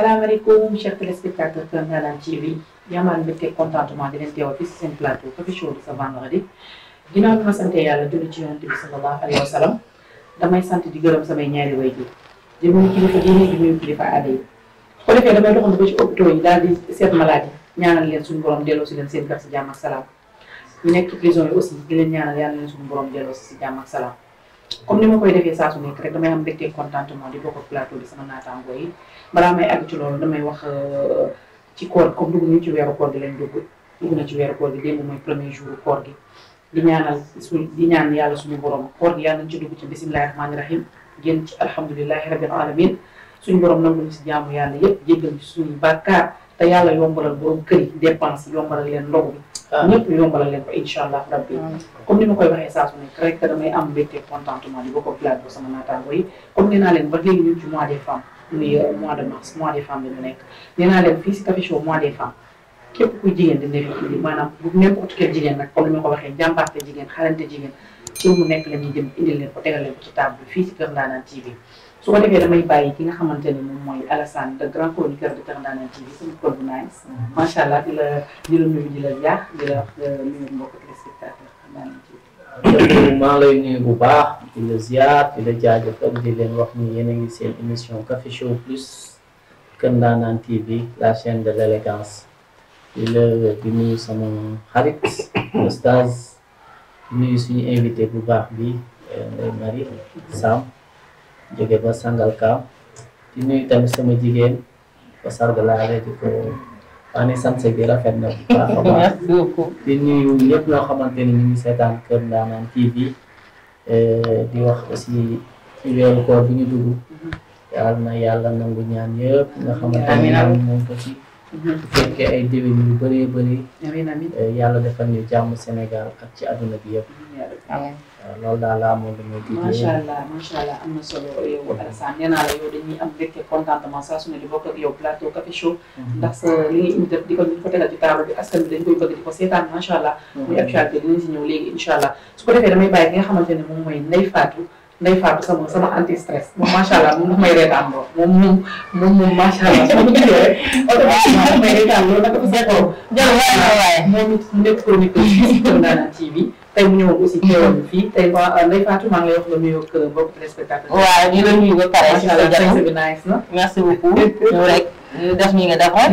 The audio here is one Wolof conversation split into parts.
salaamaaleykum chers téléspectateurs Kër Ndanane TV yi amaan mbégte contentement di leen teewal fii si seen plateau Coffee Show du sa vendredi ginnaaw bi ma sant yàlla julli ci yonent bi sallallahu alayhi wa sallam damay sant di gërëm samay ñaari way ji di nuyu kilifa diine di nuyu kilifa aada yi su ko defee damay doxantu ba ci hôpitaux yi daal di seet malade yi ñaanal leen suñu borom delloo si leen seen kër si jàmm ak salaam ñu nekk prison yi aussi di ñaanal yàlla leen suñu comme ni ma koy defee saa su nekk rek damay am mbégte contentement di bokk ak plateau bi sama naataangoo balaa may àgg ci loolu damay wax euh, ci koor comme dugg ñu ci weeru koor gi lañ dugg dugg mooy premier jour koor gi di ñaana su di ñaan yàlla suñu borom koor gi yàlla ci dugg ci bisimilahi rahmaani rahim génn ci alhamdulilahi alamin suñu borom nangu ñu si jaamu yàlla yépp jéggal suñu bàkkaar te yàlla yombalal borom kër yi dépense yombalal leen ndogu Euh, ñëpp yombalal leen ko incha allah rabbi comme ni ma koy waxee saa su nekk rek damay am mbégte contentement di ba ko plaat sama naataango yi comme nee naa leen ba léegi ñun ci mois des femmes muy euh, mois de mars mois nekk nee naa leen fii si Café Show mois des femmes képp kuy jigéen di nekk maanaam bu n'importe a jigéen nag comme ni ma ko waxee jàmbaarte jigéen xalante jigéen pour mu nekk la ñuy jëm indi leen o tegal leen ko si Kër Ndanane TV su ko defee damay bàyyi ki nga xamante ne moom mooy Alassane le grand chroniqueur de Keur Ndanane TV suñu kër bu naaj. Mm-hmm. macha allah la di la nuyu di la jaax di la nuyu mbokk téléspectateur Keur la ziar di la jaajëfal di leen wax ni yéen a ngi seen émission Café plus Keur Ndanane TV la chaîne de l' élégance la di nuyu sama xarit Oustaz nuyu suñu invité bu baax bi Ndeye euh, Marie Sam. jóge ba Sangalkam di nuyu tamit sama jigéen ko sargalaale di ko maa ngi sant bi rafet na bu baax a baax di nuyu ñëpp ñoo xamante ni ñu ngi seetaan eh, di wax si ci weeru koor bi ñu dugg mm-hmm. yàlla na yàlla nangu ñaan yëpp nga xamante ni moom ko ci bu mhm. ay déwén yu bëree bëri. amiin amiin eh, yàlla defal ñu jàmm Sénégal ak ci bi yëpp. daal la amoon damay. di macha allah macha allah am na solo yow Alassane mhm. nee naa la yow dañuy am mbégte contentement saa su ne di bokk ak plateau Café Show. Mhm. ndax li ngay indi def di ko bi askan bi dañ koy macha allah. muy actualité dinañ si ñëw léegi allah su defee damay bàyyi ki nga xamante ne moom mooy Ndeye Fatou. Ndeye Fatou sama sama anti stress moom macha allah moom dafa may reetaan lool moom moom moom moom macha allah su ma ko gisee rek automatiquement dafa may reetaan lool naka ko seetoo. jërëjëf waay ci Leewtoo TV. tey mu ñëwoon aussi teewal bi fii tey waa euh, Ndeye Fatou maa ngi lay euh, waaw ñu na. merci beaucoup ñu rek def ñi nga defoon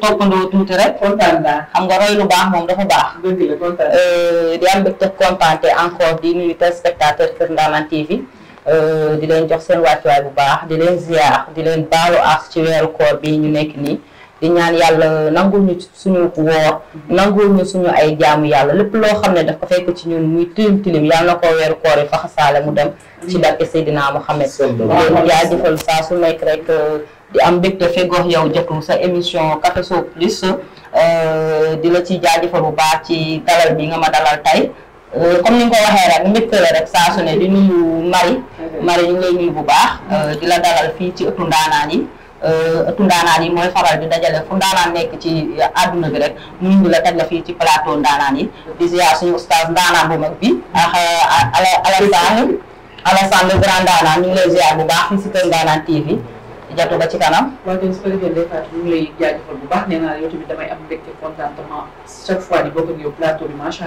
toppandoo tuuti rek. kontaan naa xam nga roy lu baax moom dafa baax. dëgg la kontaan euh, di am bëgg te kontaan encore di nuyu téléspectateur Kër Ndaanaan TV. di leen jox seen wàccuwaay bu baax di leen ziar di leen baalu aas ci weeru koor bi ñu nekk nii. di ñaan yàlla nangul ñu suñu woor nangul ñu suñu ay jaamu yàlla lépp loo xam ne daf ko fekk ci ñun muy tilim tilim yàlla na ko weeru koor yi faxasaale mu dem ci barke Seydina Mohamed leen jaajëfal saa su nekk rek euh, di am mbégte fegoox yow jotu sa émission Café Plus euh, di la ci jaajëfal bu baax ci dalal bi nga ma dalal tey euh, comme ni nga waxee rek mbégte la rek saa su ne di nuyu Marie mm-hmm. Marie ñu ngi nuyu bu baax di la dalal fii ci ëttu ndaanaan yi ëttu euh, ndaanaan yi mooy faral di dajale fu ndaanaan nekk ci àdduna bi rek mu indi la teg la fii ci plateau ndaanaan yi di ziar suñu oustaz ndaanaan bu mag bi ak euh, ala Alassane Alassane le grand ndaanaan ñu ngi lay ziar bu baax fii si kër ndaanaan TV jatu ba ci kanam. waaw jërëjëf su ko defee Ndeye Fatou ñu ngi lay jaajëfal bu baax nee naa yow tamit damay am mbégte contentement chaque fois di bokk ak plateau bi macha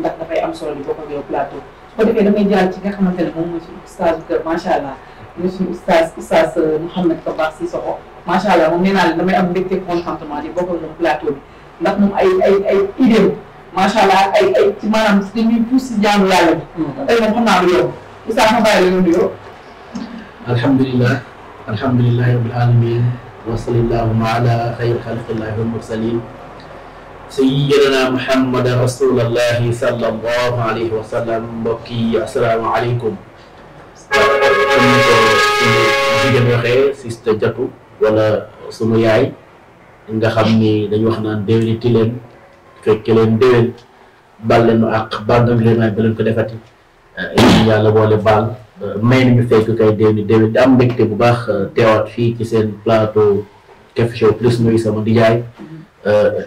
ndax dafay am solo di bokk ak plateau su ko defee nga xamante ne moom allah ñu suñu oustaz oustaz euh, Mouhamed Kaba Sissoko macha allah moom nee naa leen damay am mbégte contentement di bokk ak moom plateau bi ndax moom ay ay ay idéem macha allah ay ay ci maanaam dañuy pousse si jaamu yàlla bi. Hmm. tey moom xam naa lu yow oustaz ma bàyyi la ñu nuyoo. alhamdulilah alhamdulilahi rabbil alamin wa sallallahu ala xayri xalqillahi wal mursalin sayyidina muhammad rasulallahi sallallahu alayhi wa sallam mbokk yi asalaamaaleykum jigéen waxee sista jatu wala sunu yaay nga xam ni dañu wax naan déwéniti leen fekke leen déwén baal leen ak baal nañ leen waaye leen ko defati eh, yéen yàlla boole baal eh, may nañu fekk kay déwéni déwén di am mbégte bu baax eh, teewaat fii ci seen plateau te Show plus sama nijaay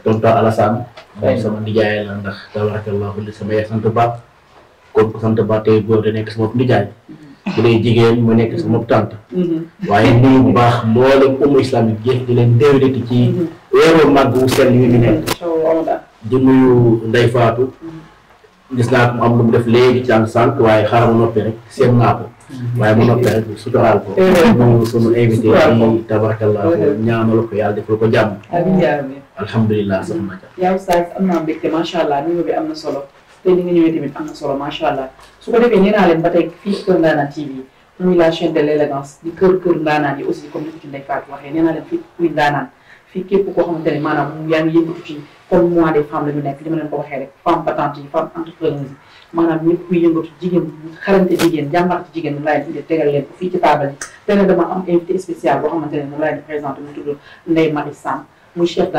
tonton Alassane moom sama nijaay la ndax tabarakallahu sama yaay sant ba kon ko sant ba tey góor da nekk sama nijaay mm-hmm. bu dee jigéen ma nekk sama tànt mm-hmm. waaye nuyu bu baax mboolem umma islamique yëpp di leen déwénati ci mm-hmm. weeru màgg wu sell yu ñu nekk di nuyu Ndeye Fatou mm-hmm. gis naa ko mu am lu mu def léegi ci am sant waaye xaaral ma noppi rek seen naa ko waaye ma noppi rek suturaal ko mu sunu invité ci tabarakallah ñaanal ko yàlla defal ko jàmm alhamdulilah sax ma jàmm te ni nga ñëwee tamit am na solo macha allah su ko defee nee leen ba tey fii Kër Ndaanaan TV muy la chaîne de l'élégance di kër kër ndaanaan yi aussi comme ni ko ci Ndeye Fatou waxee nee leen fii kuy ndaanaan fii képp koo maanaam yaa ngi yëngatu comme mois des femmes la ñu nekk leen ko waxee rek femme patente yi yëngatu jigéen xarante jigéen jàmbaar ci jigéen moom laay tegal leen ko fii ci table yi tene dama am invité spécial boo xamante ne moom laay di présenté mu tudd Sam muy chef d'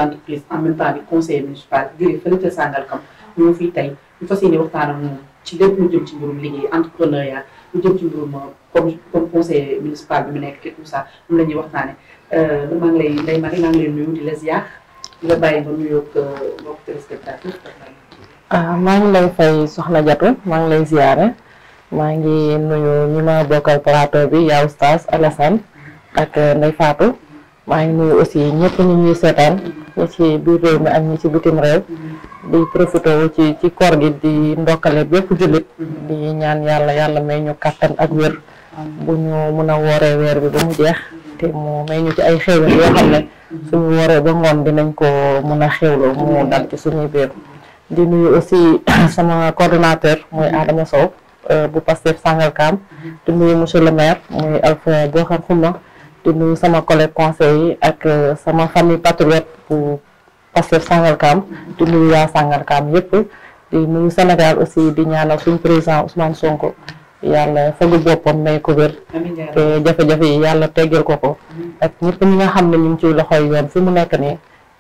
en même temps bi conseiller municipal jógee fële fii tey ñu ci lépp lu jëm euh, bi mu nekk la ñuy waxtaane euh, maa ngi lay Ndeye Marie maa ngi lay nuyu di euh, ah, maa ngi lay fay soxna Jatu maa ngi lay ziare maa ngi nuyu ñi ma bokkal plateau bi yaa oustaz Alassane ak Ndeye Fatou maa ngi nuyu aussi ñëpp ñu ñuy seetaan ñi ci biir réew mi ak ñi ci bitim réew di profité ci ci koor gi di ndokkale bépp jullit mm-hmm. di ñaan yàlla yàlla may ñu kàttan ak wér bu ñu mën a wooree weer bi ba mu jeex te may ñu ci ay xéewal yoo xam ne mm-hmm. suñu wooree ba ngoon dinañ ko mën a xéewloo mu mm-hmm. dal ci suñuy biir di nuyu aussi sama coordonnateur mooy Adama Sow euh, bu Pastef Sangalkam di nuyu le maire muy Alpha Bokhar Xuma di sama collègue conseil ak euh, sama famille patriote Pastef Sangalkam di nuyu waa Sangalkam yëpp di nuyu Sénégal aussi di ñaanal suñu président Ousmane Sonko yàlla fagu boppam may ko wér te jafe-jafe yi yàlla teggeel ko ko ak ñëpp ñi nga xam ne ñu ngi ci loxoy yoon fi mu nekk nii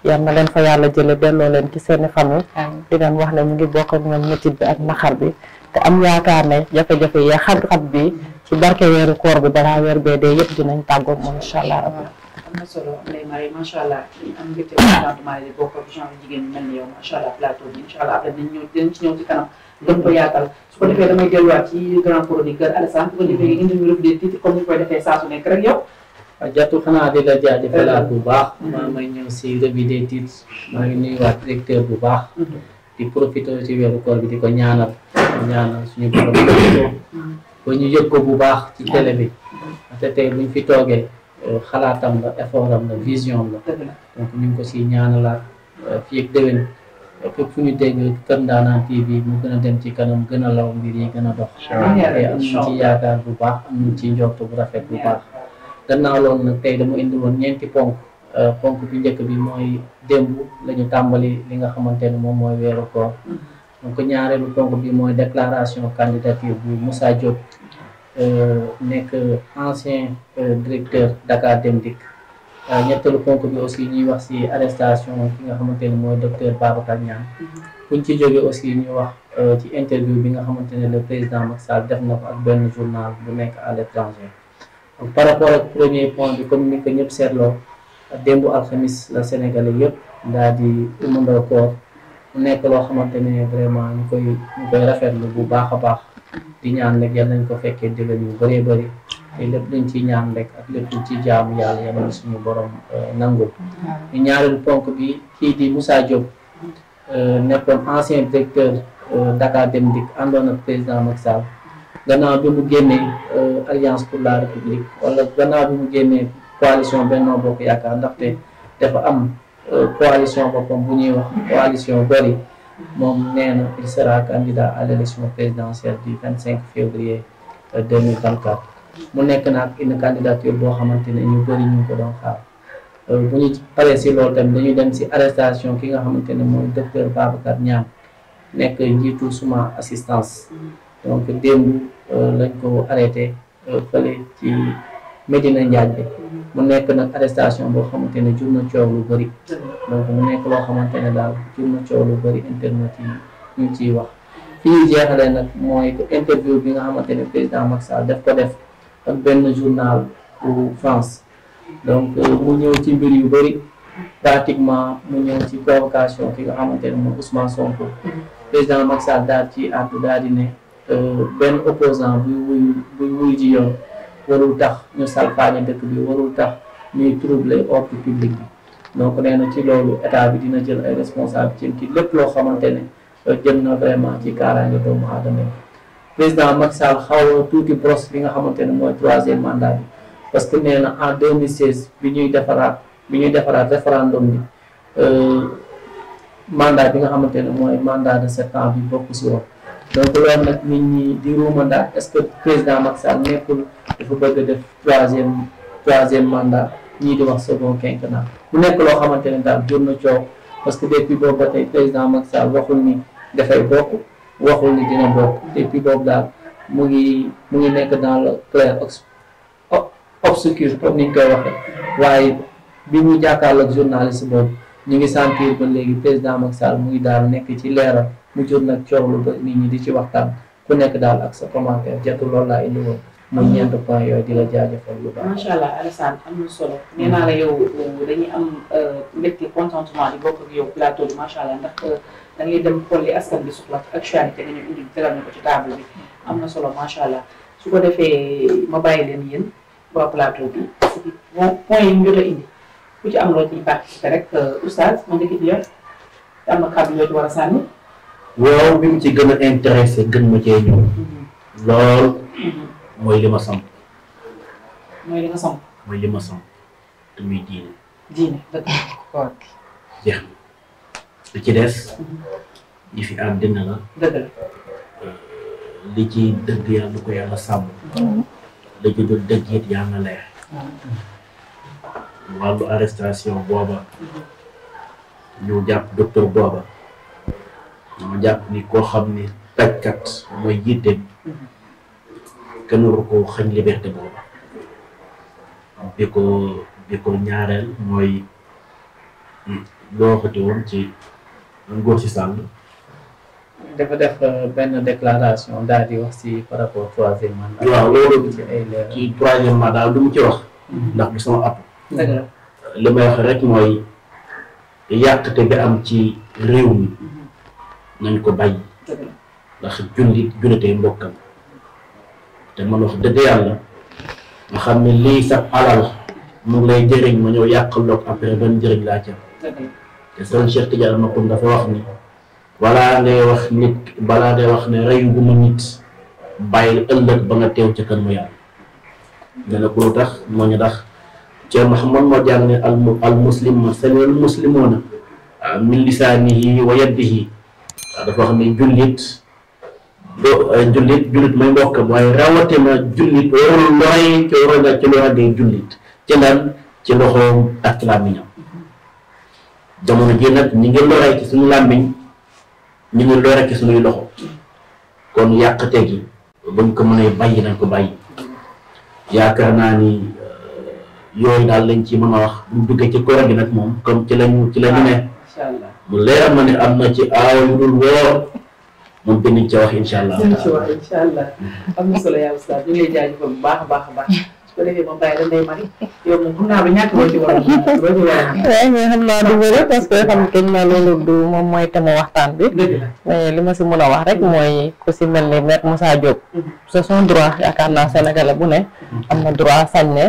yal na leen fa yàlla jële delloo leen ci seeni famille di leen wax ne ñu ngi bokk ak ñoom métit bi ak naxar bi te am yaakaar ne jafe-jafe yi xat-xat bi ci barke weeru koor bi balaa weer bee dee yëpp dinañ tàggoo moom incha allah am na solo Ndeye Marie macha allah am mbégte contentement di bokk ak genre jigéen ñi mel ni yow macha allah plateau ci ñëw ci kanam gën yaatal su ko defee damay delluwaat ci grand chroniqueur bu ko defee mhm. nga ni koy defee saa su nekk rek yow. waaw ah, jàttu xanaa di la jaajëfalaat euh, bu mhm. may ñëw si revue des titres maa ngi nuyuwaat directeur bu baax. Mhm. di profité ci weeru koor bi di ko ñaanal di ñaanal suñu borom ba ñu yëg ko bu baax ci télé bi te tey buñ fi toogee. xalaatam la effort am la vision la donc ñu ko si ñaanalaat euh, fii ak déwén fu ñu dégg Kër Ndanaan TV mu gën a dem ci kanam gën a law mbir yi gën a dox te am bu baax am nañ ci bu rafet bu baax gannaaw nag tey dama indiwoon ñeenti ponk euh, ponk bi njëkk bi mooy démb lañu tàmbali li nga xamante ne moom mooy weeru koor mm-hmm. donc ñaareelu ponk bi mooy déclaration candidature bu Moussa Diop Euh, nekk ancien euh, directeur Dakar Dem Dikk euh, ñetteelu ponk bi aussi ñuy wax ci arrestation ki nga xamante ne mooy docteur Babacar Niang mm-hmm. buñ ci jógee aussi ñuy wax ci interview bi nga xamante ne le président Macky Sall def na ko ak benn journal bu nekk à l'étranger par rapport premier point bi comme ni ko ñëpp seetloo démbu alxamis la sénégalais yëpp daal di umandoo koor mu nekk loo xamante ne vraiment ñu koy ñu koy bu baax a baax di ñaan rek yal nañ ko fekkee déwén ñu bëree bëri te lépp luñ ci ñaan rek ak lépp luñ ci jaamu yàlla yal suñu borom euh, nangul ñu ñaareelu ponk bi kii di Moussa Diop euh, nekkoon ancien directeur euh, Dakar Dem Dikk àndoon ak président Macky Sall gannaaw bi mu génnee alliance pour la république wala gannaaw bi mu génnee coalition Benno Bokk Yaakaar ndaxte dafa am coalition boppam bu ñuy wax coalition bëri moom nee na il sera candidat à l' élection présidentielle du 25 février 2024 euh, mu nekk nag une candidature boo xamante ne ñu bëri ñu ko doon xaar euh, bu ñu paree si loolu tamit dañu dem si arrestation ki nga xamante ne mooy docteur Babacar Niang nekk njiitu suma assistance donc démb euh, lañ ko arrêté fële ci Medina Ndiaye bi mu nekk nag arrestation boo xamante ne jur na coow lu bëri donc mu nekk loo xamante ne daal jur coow lu bëri internet yi ñu ciy wax fii ñuy nag mooy interview bi nga xamante ne président Macky Sall daf ko def ak benn journal bu France donc euh, mu ñëw ci mbir yu bëri pratiquement mu ñëw ci provocation ki nga xamante ne moom Sonko président Macky daal ci àddu daal di ne euh, benn opposant buy wuy buy wuy ji yoon warul tax ñu salfaañe dëkk bi warul tax ñuy troubler ordre public bi donc nee na ci loolu état bi dina jël ay responsabilités ci lépp loo xamante ne euh, jëm na vraiment ci kaaraange doomu aadama président Macky Sall xaw tuuti brosse bi nga xamante ne mooy troisième mandat bi parce que nee na en 2016 bi ñuy defaraat bi ñuy defaraat référendum bi euh, mandat bi nga xamante ne mooy mandat de sept ans bi bokk si woon donc loolu nag nit ñi di ruumandaat est-ce que président Macky Sall nekkul dafa bëgg a def troisième troisième mandat ñii di wax second quinquennat mu nekk loo xamante ne daal jur na coow parce que depuis boobu ba tey président Macky Sall waxul ni dafay bokk waxul ni dina bokk depuis boobu daal mu ngi mu ngi nekk dans le clair obscur comme ni ñu koy waxee waaye bi mu jàkkaarloog journaliste boobu ñu ngi sentir ba léegi président Macky Sall mu ngi daal nekk ci leeral. mu jur nag coow lu bëri nit ñi di ci waxtaan ku nekk daal ak sa commentaire jatu loolu laa indi woon muy mm-hmm. ñeent point yooyu di la jaajëfal allah Alassane am na solo nee naa la yow dañuy am euh, mbégte contentement di bokk ak yow allah ndax euh, da dem xool li askan bi soxla actualité nga na ko ci bi am na solo macha allah su ko defee ma bàyyi leen yéen waa plateau bi point yi a indi ku ci am loo ciy participer rek euh, oustaz ma njëkk di yor am na kàddu yoo war a sànni. woow bi mu ci gën a intéressé gën ma cee ñëw lool mooy li ma samp muy diine na li ci des li fi àddina la la euh, li ci dëgg yàlla ko yàlla sàmm mm-hmm. la ju dul dëgg it yaa nga leer mm-hmm. wàllu arrestation booba mm-hmm. ñu jàpp docteur booba mu jàpp ni koo xam ni tajkat mooy yitteem kenn waru ko xañ liberté boobu bi ko bi ko ñaareel mooy loo hmm, waxati woon ci ngóor si sàll dafa def euh, benn déclaration daal di wax si par rapport troisième mandat waaw ci troisième mu ci wax hmm. ndax bi sama app li may wax rek mooy yàqte bi am ci réew mi nañ ko bàyyi ndax jullit jullitee mbokkam te man wax dëgg yàlla nga xam ne lii sax alal mu ngi lay jëriñ ma ñëw yàqal loog après ban jëriñ laa ca te seen Cheikh Tidiane Makoum dafa wax ni balaa ngay wax nit balaa ngay wax ne reyu gu ma nit bàyyil ëllëg ba nga teew ca kan mu yàlla nee na tax moo ñu tax Cheikh Mahamad moo jàng ne al muslim ma sami'al muslimoona min lisaanihi wa yadihi waaw dafa xam ne jullit do jullit jullit mooy mbokkam waaye rawatina jullit warul looy ci warul nga ci loo àggee jullit ci lan ci loxoom ak làmmiñam jamono ji nag ñi ngi loree ci suñu làmmiñ ñu ngi loree ci suñuy loxo kon yàqte gi buñ ko mënee bàyyi nañ ko bàyyi yaakaar naa ni euh, yooyu daal lañ ci mën a wax mu duggee ci koor gi nag moom comme ci lañu ci lañu ne incha allah mu leer ma ne am na ci aaw yu dul woor moom dañu ca wax incha allah. dañu ca wax incha allah am na solo yaa ustaz ñu ngi lay jaajëfal bu baax a baax a baax su ko defee moom bàyyi la Ndeye Marie yow moom xam naa ba ñàkk boo ci war a waaye mais xam naa du bëri parce que xam kañ na loolu du moom mooy thème waxtaan bi. mais li ma si mën a wax rek mooy ku si mel ni maître Moussa Diop. c'est son droit yaakaar naa Sénégalais bu ne. am na droit sañ ne.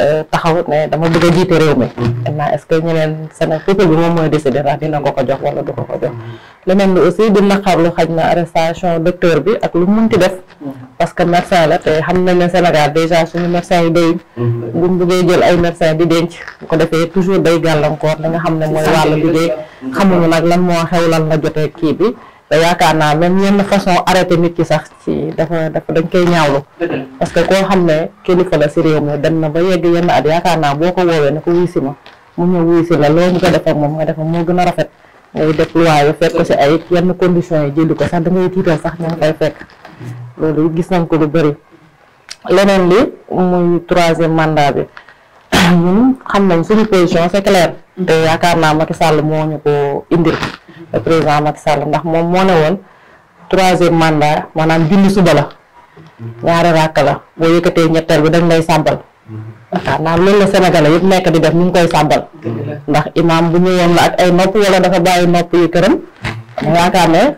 Euh, taxaw ne dama bëgg a jiite réew mi. Mm-hmm. maintenant est ce que ñeneen seen peuple bi moom mooy décider ndax dina ko ko jox wala du ko ko jox. Mm-hmm. leneen lu aussi di naqarlu xaj na arrestation docteur bi ak lu munti def. Mm-hmm. parce que médecin la te xam nañ ne Sénégal dèjà suñu médecin yi doy. bu ñu jël ay médecin di denc. ko defee toujours day gàllankoor li nga xam ne mooy wàllu liggéey. xamuñu nag lan moo xew lan la jotee kii bi. te yaakaar naa même yenn façon arrêté ki sax ci dafa dafa dañ koy parce que koo xam ne kilifa la si réew mi dem na at yaakaar naa boo ko woowee ko wuy si moo gën a rafet ngay déployé yu fekk ko yi ko sax da tiital sax ñu ngi koy fekk loolu gis nañ ko lu bëri leneen li muy troisième mandat bi ñun xam nañ suñu position c'est clair te yaakaar naa Macky Sall moo ñu ko indil président Macky Sall ndax moom moo ne woon troisième mandat maanaam julli suba la ñaari ràkk la boo yëkkatee ñetteel bi dañ lay sàbbal waaw naa loolu la Sénégalais nekk di def ñu ngi koy sàbbal ndax imam bu ñëwoon la ak ay nopp wala dafa bàyyi nopp yi këram ne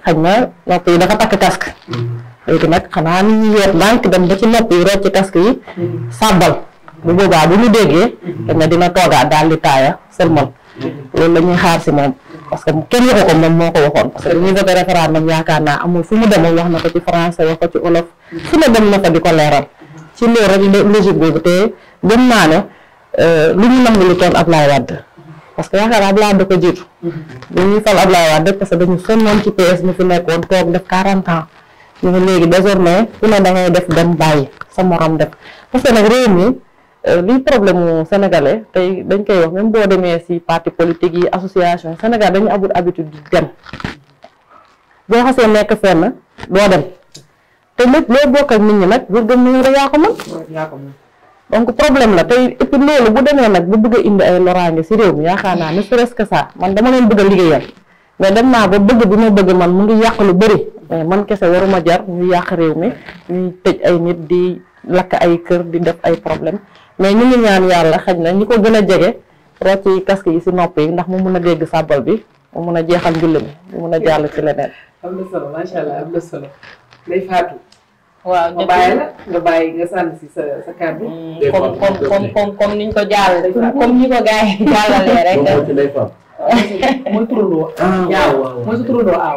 xaj na nopp yi dafa takk casque léegi xanaa ni ñu yoot ndànk dem ba ci nopp yi root ci casque yi sàbbal bu boobaa bu ñu déggee mm-hmm. dañ na dina toogaat daal di taaya sëlmal mm-hmm. loolu la xaar si moom parce que kenn waxu ko moom moo ko waxoon parce que bi ñuy voté yaakaar naa amul fu mu demoon wax na ko ci français wax ko ci olof fu ne dem na di ko leeral ci loolu rek logique boobu te gëm naa ne euh, lu ñu nangu lu toon Ablaye Wade parce que yaakaar naa Ablaye da ko jiitu bu mm-hmm. ñuy fal Ablaye Wade parce que dañu sonnoon ci PS ñu fi nekkoon toog def 40 ans ñu ne léegi désormais fu ne da ngay def dem bàyyi sa morom def parce nag réew mi Euh, lii problème mu sénégalais tey dañ koy wax même boo demee si parti politique yi association Sénégal dañu amul habitude di dem boo xasee nekk fenn doo dem te lépp loo bokk ak nit ñi nag bur gëm nañu rek yaa ko mën donc problème la tey et loolu bu demee nag bu bëgg indi ay loraange si réew mi yaakaar naa ne serait-ce que man dama leen bëgg a mais dem naa ba bëgg bi ma bëgg man mu ngi yàq lu bëri mais man kese waruma jar ñu yàq réew mi ñuy tëj ay nit di lakk ay kër di def ay problème mais ñu ngi ñaan yàlla xaj na ñi ko gën a jege rocc yi casque yi si nopp yi ndax mu mun a dégg sàbbal bi mu mun a jeexal njulli mi mu mun a jàll ci leneen. am na solo macha allah am na solo day faatu. waaw nga bàyyi la si sa sa mm. comme comme comme comme niñ ko jàll comme ni ko gars yi jàllalee rek. moom ah, mooy mooy ah, turandoo. waaw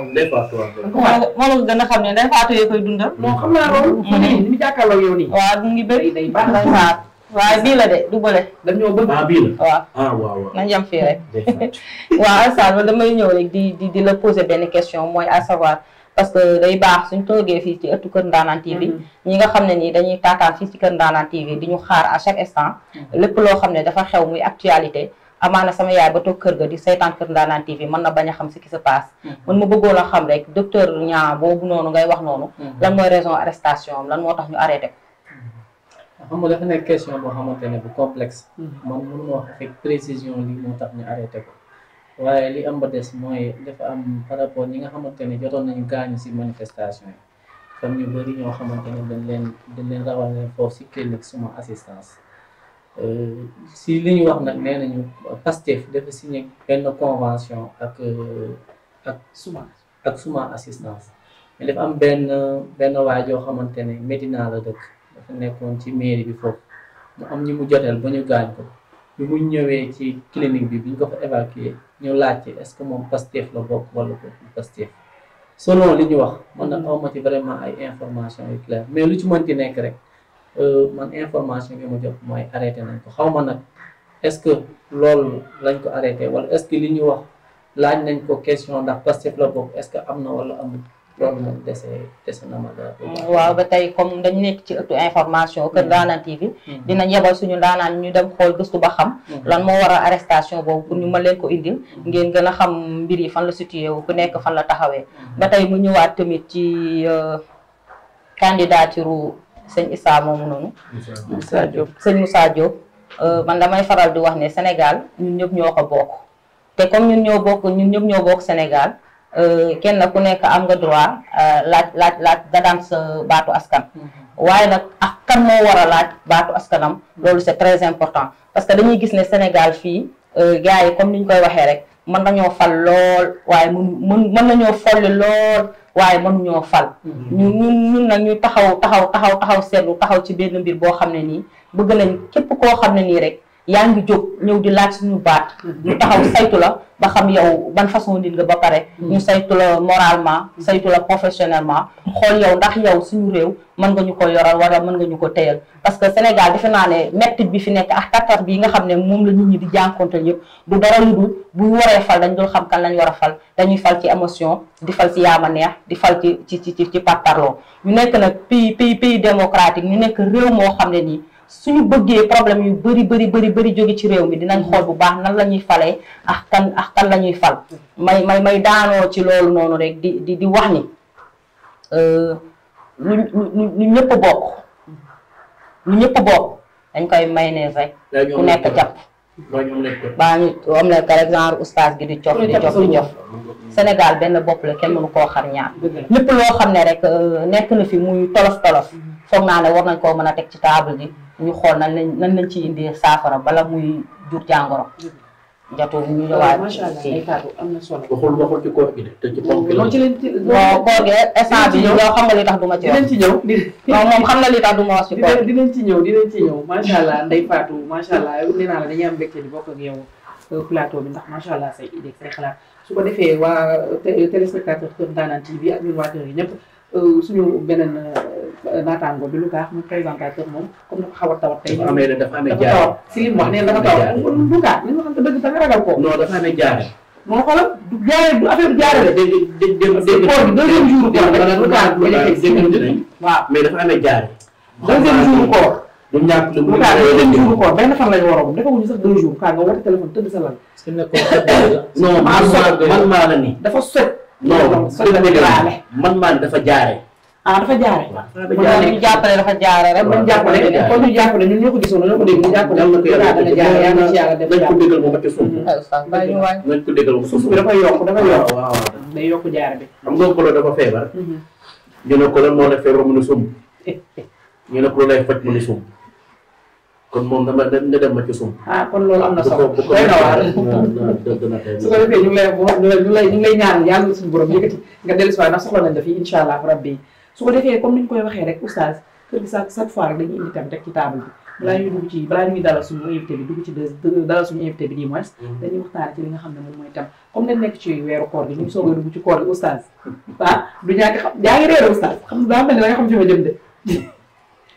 waaw moo la ko gën a xam ne day faatu yee koy dundal. non xam naa loolu. Mm. mu mu nii. waaw mu ngi bëri day baax day faatu. waaw bii la de du bële. dañoo bëgg ah bii ah, nañ yam fii rek. waaw Alassane damay ñëw rek di di di la poser benn question mooy à savoir parce que day baax suñ toogee fii ci ëttu Kër Ndaanaan TV. Mm-hmm. ñi nga xam ne nii dañuy taataan fii ci Kër Ndaanaan TV di ñu xaar à chaque instant. Mm-hmm. lépp loo xam ne dafa xew muy actualité. amaana sama yaay ba toog kër ga di saytaan Kër Ndaanaan TV mën na bañ a xam ce qui se passe. Mm-hmm. man ma bëggoon a xam rek docteur Niang boobu noonu ngay wax noonu. lan mooy raison arrestation am lan moo tax ñu arrêté xam nga dafa ne question boo xamante ne bu complexe. Mm-hmm. man mënu ma wax avec précision li moo tax ñu arrêté ko waaye li am ba des mooy dafa am par rapport nga xamante ne jotoon nañu gaañu si manifestation yi comme ñu bëri ñoo xamante ne dañ leen dañ leen rawale foofu si clinique suma assistance. si euh, li ñu wax nag nee nañu Pastef dafa signé benn convention ak euh, ak suma ak suma assistance mais benn benn waay joo xamante ne Médina la dëkk. nekkoon ci mairie bi foofu mu am ñi mu joteel ba ñu gaañ ko bi mu ñëwee ci clinique bi bi ñu ko fa évacué ñu laajte est-ce que moom Pastef la bokk wala ko Pastef selon li ñu wax man nag awma ci vraiment ay information yu clair mais lu ci mënti nekk rek euh, man information bi mu jot mooy arrêté nañ ko xaw ma nag est-ce que loolu lañ ko arrêté wala est-ce que li ñu wax laaj nañ ko question ndax Pastef la bokk est-ce que am na wala am loolu mm, waaw ba tey comme dañ nekk ci ëttu information kër Ndanane mm. TV mm. dinañ yebal suñu ndaanaan ñu dem xool gëstu ba xam lan moo waral arrestation boobu pour ñu ma leen ko indil ngeen gën a xam mbir yi fan la situé ku nekk fan la taxawee ba tey mu ñëwaat tamit ci euh, candidature sëñ Issa moomu noonu Moussa Diop sëñ euh, man damay faral di wax ne Sénégal ñun ñëpp ñoo ko bokk te comme ñun ñoo bokk ñun ñëpp ñoo bokk Sénégal Euh, kenn ku nekk am nga droit euh, laaj laaj laaj nga baatu askan mm-hmm. waaye nag ak ah, kan moo war a laaj baatu askanam loolu c'est très important parce que dañuy gis ne Sénégal fii euh, gars yi comme ni ñu koy waxee rek mën nañoo fal lool waaye mun mun mën nañoo folli lool waaye mënuñoo fal mm-hmm. ñu ñun ñun nag ñu taxaw taxaw taxaw taxaw seetlu taxaw ci benn mbir boo xam ne nii bëgg nañ képp koo xam ne nii rek yaa ngi jóg ñëw di laaj suñu baat ñu taxaw saytu la ba xam yow ban façon nit nga ba pare ñu saytu la moralement saytu la professionnellement xool yow ndax yow suñu réew mën nga ñu ko yoral war mën nga ñu ko téyal parce que Sénégal defe naa ne mettit bi fi nekk ak tartar bi nga xam ne moom la nit ñi di jànkonteel yëpp du dara lu dul bu waree fal dañ dul xam kan lañ war a fal dañuy fal ci émotion di fal ci yaama neex di fal ci ci ci ci parparloo ñu nekk nag pays ñu nekk réew xam ne nii suñu bëggee problème yu bari bari bari bari jóge ci réew mi dinañ xool bu baax nan la ñuy falee ak kan ak kan la ñuy fal may may may daanoo ci loolu noonu rek di di wax ni euh, lu lu bokk lu ñëpp bokk dañ koy mayonnaise rek ku nekk jàpp baa ñu am la par exemple oustaz gi di cof di cof di cof Sénégal benn bopp la kenn mënu koo xar ñaar lépp loo xam ne rek euh, nekk na fi muy tolof tolof foog naa ne war nañ koo mën a teg ci table ji ñu xool nan lañ nan lañ ci indi saafara bala muy jur jàngoro jatoo mu ñu ñëwaat. macha allah ay kàddu am na solo. waxul waxul ci koor ci ponk ci leen ci non koor gi instant xam nga li tax du ma ci wax. dinañ ci ñëw non moom xam na li tax ma wax ci ñëw dinañ ci ñëw macha allah Ndeye Fatou macha allah nee naa la dañuy am mbégte di bokk ak yow euh, plateau bi ndax macha allah say idée say xalaat su ko defee waa téléspectateur Kër Ndanane TV ak ñun waa kër yi ñëpp euh, suñu beneen. naataango bi lu baax mu présenté toog moom comme ni ko xaw a tawat tey. dafa amee dafa amee jaar dafa si li mu wax nee na dafa tawat lu baax li nga xam te dëgg da nga ragal ko. non dafa amee jaar. moo xoolal du jaaree du affaire jaaree. dé dé dé deuxième jour. deuxième waaw mais dafa amee jaar. deuxième jour koor. du ñàkk lu mu deuxième jour koor benn fan lañ waroon defaguñu sax deux jours kaa nga woote téléphone tëdd sa lan. non man maa la nii dafa sot non man maa dafa jaaree. ah dafa jaare. dafa jaare ñu jàppale dafa jaare rek. waaw jàppale kon ñu jàppale ñun ñoo ko gisoon ñoo ko dégg ñu jàppale. am na ko yàlla def yàlla yàlla na ci yàlla def nañ ko déggal ba ci suuf. nañ ko déggal ba suuf bi dafa yokk dafa yokk. waaw day yokk jaare bi. xam nga ko la dafa feebar. Mhm. ñu ne ko lan moo la feebar mu ne sumb. ñu ne ko lay faj mu ne sumb. kon moom dama ne dem ma ci sumb. ah kon loolu am na solo bu ko su ko defee ñu ngi lay ñu ngi lay ñaan yàlla suñu borom yëkkati nga dellusiwaat ndax soxla nañ la fi incha allah rabbi soo defee comme ni ñu koy waxee rek oustaz kër gi chaque chaque fois rek dañuy indi tam teg ci table bi balaa ñuy dugg ci balaa ñuy dalal suñu invité bi dugg ci dalal suñu invité bi di moins mhm. nga xam ne moom mooy tam comme nekk ci weeru koor gi ñu ngi a dugg ci koor gi ah, xam yaa ngi réer xam daa mel ne da ci ma jëm de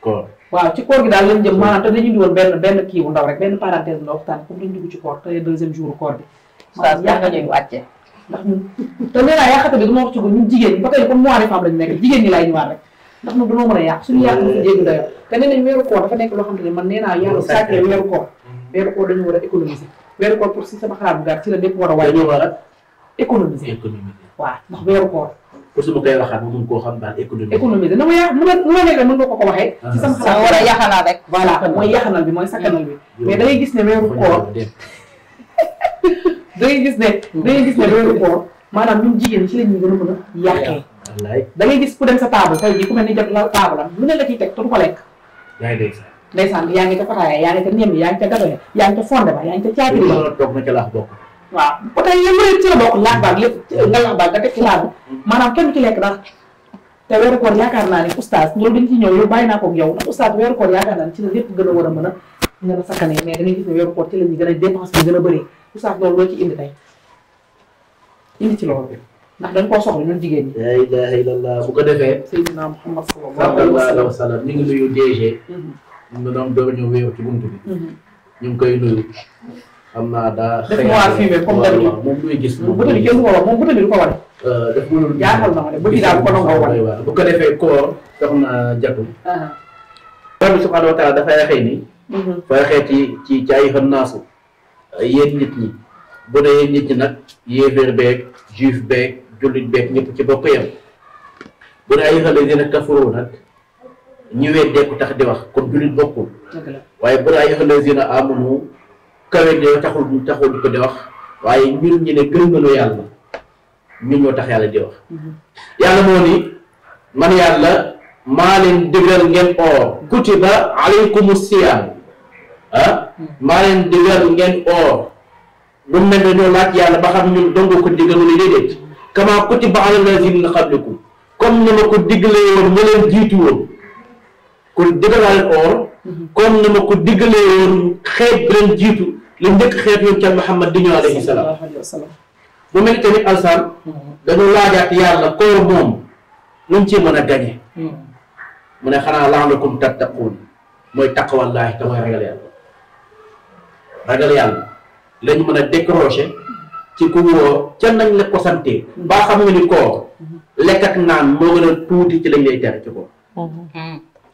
koor waaw ci koor gi daal lañ dañu benn benn kii bu ndaw rek benn parenthèse ndaw waxtaan comme dañu dugg ci koor te deuxième jour koor bi oustaz yaa nga ñuy wàcce ndax ñun te nee naa yàqate bi dama wax ci góor ñun jigéen ñi ba tey comme mois de femme lañu nekk jigéen ñi laay ñëwaat rek ndax ñun dañoo mën a yàq suñu yàq dafa jéggi dayoo te nee nañ weeru koor dafa nekk loo xam ne man nee naa yàlla sacré weeru koor weeru koor dañu war a économiser weeru koor pour si sama xalaat bu gàtt ci la lépp war a waaye dañoo war a économiser waaw ndax weeru koor pour su ma koy waxaat ma mën koo xam daal économie économiser na ma yàq nu ma nu ma nekk mën nga ko ko waxee ah. ci sama xalaat war a yaxanal rek voilà mooy yaxanal bi mooy sakkanal bi mais da ngay gis ne weeru koor da gis ne da ngay gis ne maanaam ñun jigéen ñi ci la ñuy gën a mën a yàqee da ngay gis ku dem sa table tey ni jot la table am lu ne la ciy teg lekk ndeysaan yaa ngi ca fataaya yaa yaa ngi ca gabale yaa ngi ca fonde ba yaa na yëpp rek ci la bokk laax baag lépp nga laax baag nga teg ci laax mm-hmm. maanaam kenn lekk dara te weeru naa ne oustaz loolu dañ ci la lépp gën a war a mën a nga a sakkane mais dañuy gis ne weeru koor ci la ñuy gën a dépense bi gën a bëree oustaz loolu loo ci indi tey indi ci loolu ndax dañ ko soxla ñun jigéen ñi. la bu ko defee. Seydina Muhammad sallallahu alayhi wa ñu ngi nuyu DG. ñu mhm. doon door ñëw wéew ci buntu bi. Mhm. ñu ngi koy nuyu. xam naa daa. xëy na comme d'habitude moom muy gis. moom bëtëri kenn ko war moom bëtëri ko war. Euh, daf mënul jaaxal na ma ne bëti ko nangoo war. bu ko defee koor tax na jatu. Ah. borom bi subhanahu wa taala dafay waxee ni. Mhm. fay xeet ci ci ci ay xannaasu. yéen nit ñi bu dee nit ñi nag yéeféer beeg juif beeg jullit beeg ñëpp ci bokk yam bu dee ay xale dina kafaroo nag ñu weddeeku tax di wax kon jullit bokkul waaye bu dee ay xale dina amunu kawe de taxul ñu taxul ko di wax waaye ñun ñi ne gëm nañu yàlla ñun ñoo tax yàlla di wax mhm. yàlla moo ni man yàlla maa leen digal ngeen oor kutiba alaykumu siyaam ah maa leen digal ngeen oor lu mel ñoo laaj yàlla ba xam ñun dong ko digal mu ne déedéet kama kutiba ala lazina min qablikum comme ni ma ko diggalee woon leen jiitu woon kon digalaa leen oor comme ni ma ko diggalee woon xeet bi leen jiitu la njëkk xeet yoon ca Muhammad di ñëw alayhi salaam bu mel tamit alsaan dañu laajaat yàlla koor moom luñ ci mën a gañe hmm. mu ne xanaa la'allakum tattaquun mooy taqwallaahi te mooy ragal ragal yàlla lañ mën a décrocher ci ku wóor ca nañ la ko santee baa xam nga ni koor lekk ak naan moo gën a tuuti ci lañ lay tere ci ko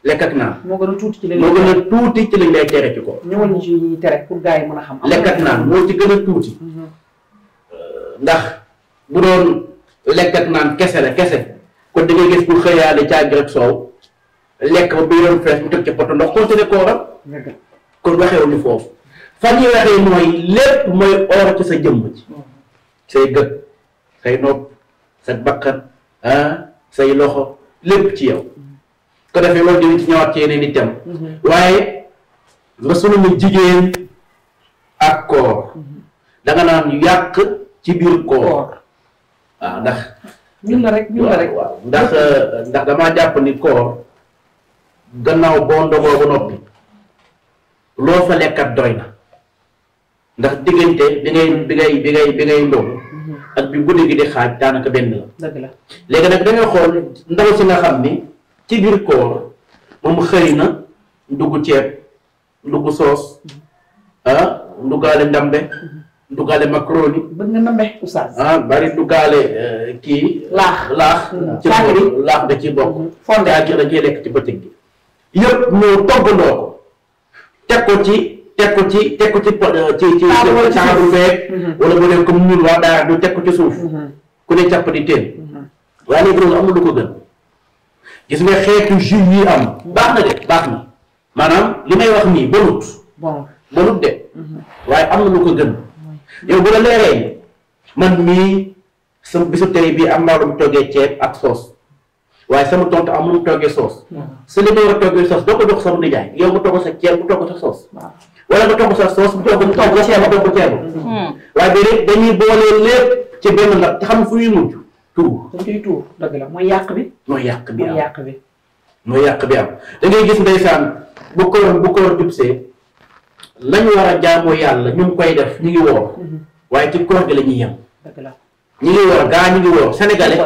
lekk ak naan moo gën a tuuti ci lañ moo gën a tuuti ci lañ lay tere ci koor ñëwal ñu ci tere yi mën a xam lekk naan moo ci gën a tuuti mm-hmm. ndax bu doon lekk ak naan kese la kese kon da ngay gis bu xëyaale caag rek soow lekk ba bi yoon fees mu teg ci poto ndox continué kooram kon waxee wuñu foofu fa ñuy waxee mooy lépp mooy or ci sa jëmm ci say gët say nopp sa bakkan ah, say loxo lépp ci yow ko defee loolu dinañ ci ñëwaat ci yeneen i tem mhm. waaye nga sunu mu jigéen ak koor da naan yàq ci biir koor waaw ndax ñun la rek ñun la rek waaw ndax ndax damaa jàpp ni koor gannaaw boo ndogoo ba noppi loo fa lekkat doy na ndax diggante bi ngay bi ngay bi ngay bi ngay ndaw mm-hmm. ak bi guddi gi di xaaj daanaka benn la léegi nag da ngay xool ndaw si nga xam ni ci biir koor moom xëy na ndugg ceeb ndugg soos mm-hmm. ah nduggaale ndambe mm-hmm. nduggaale macaroni bëgg nga ndambe oustaz ah bari nduggaale eh, kii laax laax ci laax da ci bokk fonde ak da ciy lekk ci bëccëg gi yëpp ñoo toggandoo ko teg ko ci teg ko ci teg ko ci euh, ci ci taabu feek mhm. wala bu dee comme suuf mhm. ku ne càpp di teen mhm. waaye léegi loolu amul lu ko gën gis nga xeetu jus yi am baax na de baax na maanaam li may wax nii bonut bonut de waaye am na lu ko gën yow bu la leeree man mii sama bisu tey bii am naa lu mu toggee ceeb ak soos waaye sama tontu amul lu mu toggee soos su li may war a toggee soos doo ko jox sama nijaay yow nga togg sa ceeb bu togg soos wala nga togg sax soos bu togg ñu togg la ceeba togg ceeba waaye bi rek dañuy boole lépp ci benn ndab te xam fu ñuy mujj tuur mooy yàq bi mooy yàq bi am yàq bi da ngay gis ndeysaan bu koor bu koor jubsee lañu war a jaamoo yàlla ñu koy def ñu ngi woor mhm. waaye ci koor gi la ñuy yem ñu ngi woor gaa ñu ngi woor sénégalais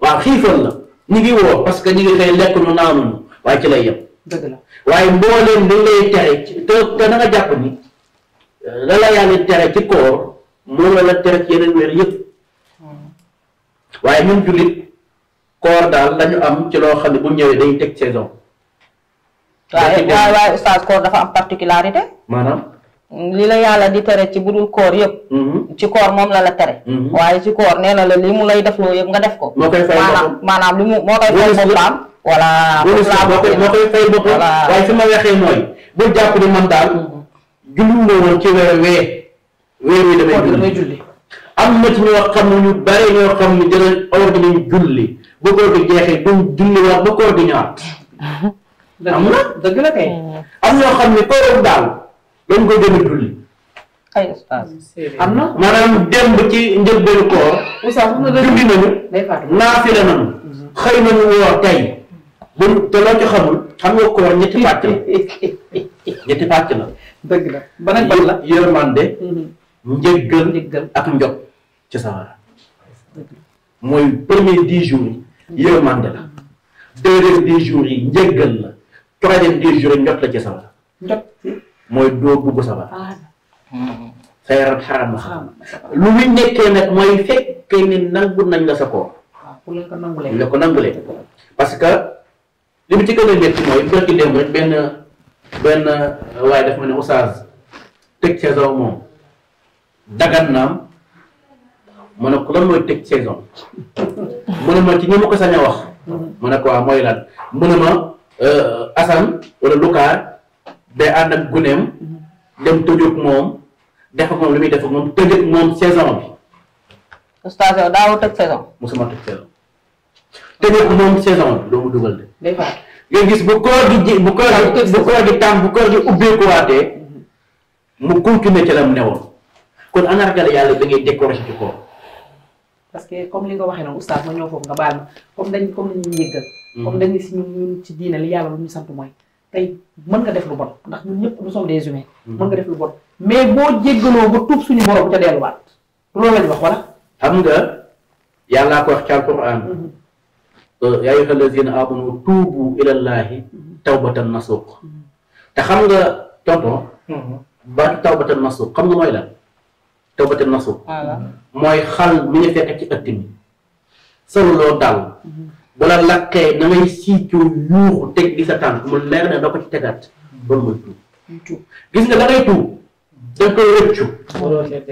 waaw xiifal la ñu ngi woor parce que ñu ngi xëy lekk ñu naanuñu waaye ci lay yem waaye mbooleem li lay tere ci te te na nga jàpp ni la la yàlla am loo xam ne teg saison. waaye waaye dafa am particularité. maanaam. li yàlla di tere ci budul koor yëpp. Mm-hmm. ci koor moom la la tere. Mm-hmm. waaye ci koor nee na la li mu lay def loo yëpp nga def ko. moo koy fay maanaam maanaam li mu voilà moo koy moo koy fay boppam waaye fi ma waxee mooy bul jàpp ni man daal julli moo ci weer wee weer wi damay julli am na ci ñoo xam ne bare ñoo xam ne dinañ or julli ba koor gi jeexee duñ a julli ay na maanaam démb ci njëlbeenu koor julli nañu naafila nañu mhm. xëy nañu woor tey bu te loo ci xamul xam nga koor ñetti pàcc la ñetti pàcc la. dëgg la ban ak la yërmande. Mhm. njëggal njëggal ak njot ci sawara mooy premier dix jours yi yërmande la mhm. jours yi njëggal la troisième dix jours yi njot la ci sawara mooy doo bugg sawara ah, sa xaram la lu muy nekkee nag mooy fekkee ni nangu nañ la sa koor nga ah, ko nangulee parce que li mu ci gën a métti mooy mbir ki démb benn benn waaye daf ma ne oustaz teg saison moom dagan naam mu ne ko mooy teg saison mu ma ci ñi ma ko sañ a wax mu ne ko waa mooy lan mu ne ma euh, Assane wala ànd ak guneem dem tëjug moom def ak moom li muy def ak moom tëjug moom saison bi. oustaz yow daawoo teg saison. musuma teg saison. te ñëpp moom saison bi doo ko dugal de. day faat nga gis bu koor gi ji bu koor gi bu koor gi tàmm bu koor gi ubbeekuwaatee mu continuer ci la mu newoon kon ana ragal yàlla da ngay découragé ci koor. parce que comme li nga waxee noonu oustaz ma ñëw foofu nga baal ma comme dañ comme dañuy yëggal. Mm-hmm. comme dañu si ñun ci diine li yàlla lu ñu sant mooy. tey mën nga def lu bon ndax ñun ñëpp nous sommes des humains. Mm-hmm. mën nga def lu bon mais boo jéggaloo ba tuub suñu borom ca delluwaat loolu lañ wax wala. xam nga yàllaa ko wax ci alquran mm-hmm. Euh, yaa ayyuha allazina amanu tuubu ilallahi tawbatan nasuq te xam nga tonton baatu tawbatan xam nga mooy lan tawbatan nasuq mooy xal mi nga fekk ci ëtt mi soluloo dal bu la lakkee na ngay siicoo yuuxu teg di tànk mu leer ne doo ko ci tegaat ba mooy tuub gis nga da ngay tuub da nga koy rëccu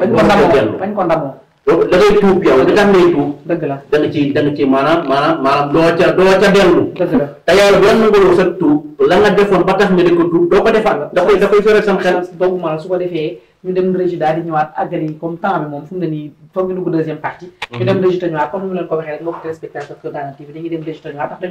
bañ ko ndamoo bañ ko ndamoo donc da ngay tuub yow li tax ngay tuub. dëgg la da nga ci da nga ci maanaam maanaam maanaam doo ca doo ca dellu. dëgg la te la nangaloo sa tuub la nga defoon ba tax nga defee ñu dem régie daal di ñëwaat àggali comme temps mhm. ko waxee rek mbokk téléspectateur que Dana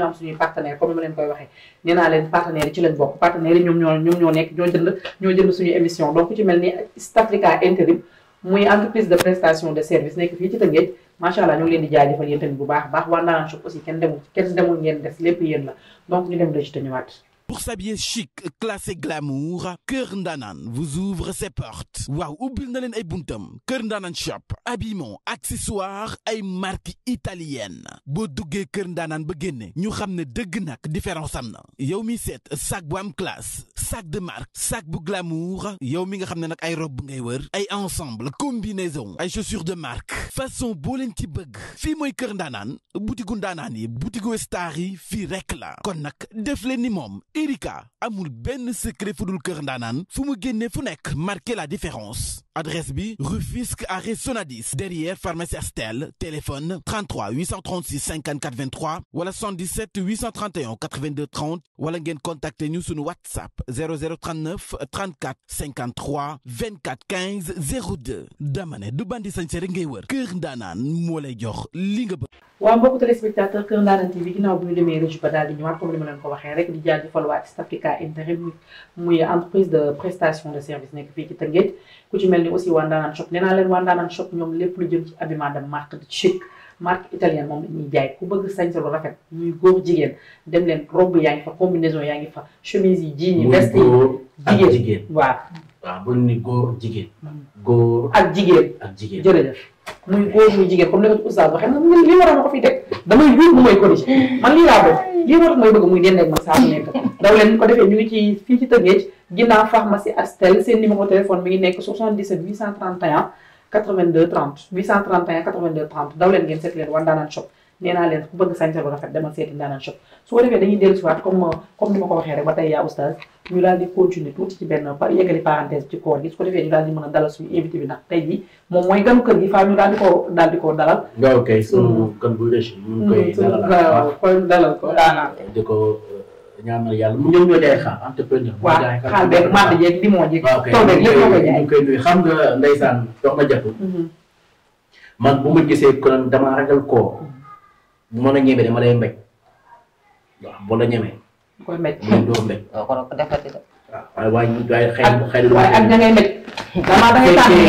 am suñuy partenaire comme ni ma leen koy waxee nee leen partenaire ci lañ bokk partenaire ñoom ñoo ñoom ñoo nekk ñoo jënd ñoo jënd suñu émission donc ci mel ni Stafrica Interim muy entreprise de prestation de service nekk fii ci Tëngéej macha allah ñu ngi leen di jaajëfal yéen tamit bu baax baax waa Ndaanaan Shop aussi kenn demul kenn demul ngeen def lépp yéen la donc ñu dem la ci te ñëwaat pour s'habiller chic classé glamour Kër Ndaanaan vous ouvre ses portes waaw ubbil na leen ay buntam Kër Ndaanaan shop habillement accessoire ay marque italienne boo duggee Kër Ndaanaan ba génne ñu xam ne dëgg nag différence am na yow mi seet sac bu am classe sac de marque sac bu glamour yaw mi nga xam ne nag ay rob ngay wër ay ensemble combinaison ay chaussures de marque façon boo leen ci bëgg fii mooy Kër Ndaanaan butigu Ndaanaan yi butigu star yi fii rek la Erika amul benn secret fu dul kër ndaanaan fu mu génne fu nekk marqué la différence adresse bi Rufisque arrêt Sonadis derrière pharmacie Astel téléphone 33 836 54 23 wala 77 831 82 30 wala ngeen contacter ñu sunu whatsapp 0039 34 53 24 15 02 dama ne du bandi sañ rek ngay wër kër ndaanaan moo lay jox li nga bëgg. waaw mbokk téléspectateur kër ndaanaan TV ginnaaw bu ñu demee daal di ñëwaat comme ni ma ko waxee rek di jaajëfal East Africa Interim muy entreprise de prestation de service nekk fii ci Tëngéej ku ci mel ni aussi waa Ndaanaan Shop nee naa leen waa Ndaanaan Shop ñoom lépp lu jëm ci habillement de marque de chic marque italienne moom la ñuy jaay ku bëgg sañse lu rafet muy góor jigéen dem leen yaa ngi fa combinaison yaa ngi fa chemise yi jean yi veste yi jigéen waaw waaw bu ni góor jigéen mm. ak jigéen ak jigéen jërëjëf muy góor muy jigéen comme li ko oustaz waxee na man lii waroon na ko fi teg damay juum mooy corrigé man lii laa bëgg lii moo tax may bëgg muy den ak man saa nekk daw leen ko defee ñu ci fii ci Tëngéej ginnaaw pharmacie Astel seen numéro téléphone mi ngi nekk 77 831 82 30 831 82 30 daw leen ngeen seet waa Ndaanaan Shop nee naa leen ku bëgg sañse bu rafet demal seeti Ndaanaan Shop su ko defee dañuy dellu si waat comme comme ni ma ko waxee rek ba tey yaa oustaz ñu daal di continuer tuuti ci benn par yeggali parenthèse ci koor gi su ko defee ñu daal di mën a dalal suñu invité bi ndax tey ji moom mooy ganu kër gi faa ñu daal di ko daal di ko dalal. waaw kay suñu gan bu rëcc. ñu mm, koy dalal ko di euh, yàlla mu ñoom ñoo jaay xaar entrepreneur. waaw xaar beeg màdd jeeg koy jaay xam nga ndeysaan dox ma jàpp. Mm-hmm. man bu ma gisee kon damaa ragal koo bu mën a ñebe dama lay mbéj waaw boo la ñemee. du koy métti du doo métti. waaw kon ko waaye waaye xëy na waaye ak da ngay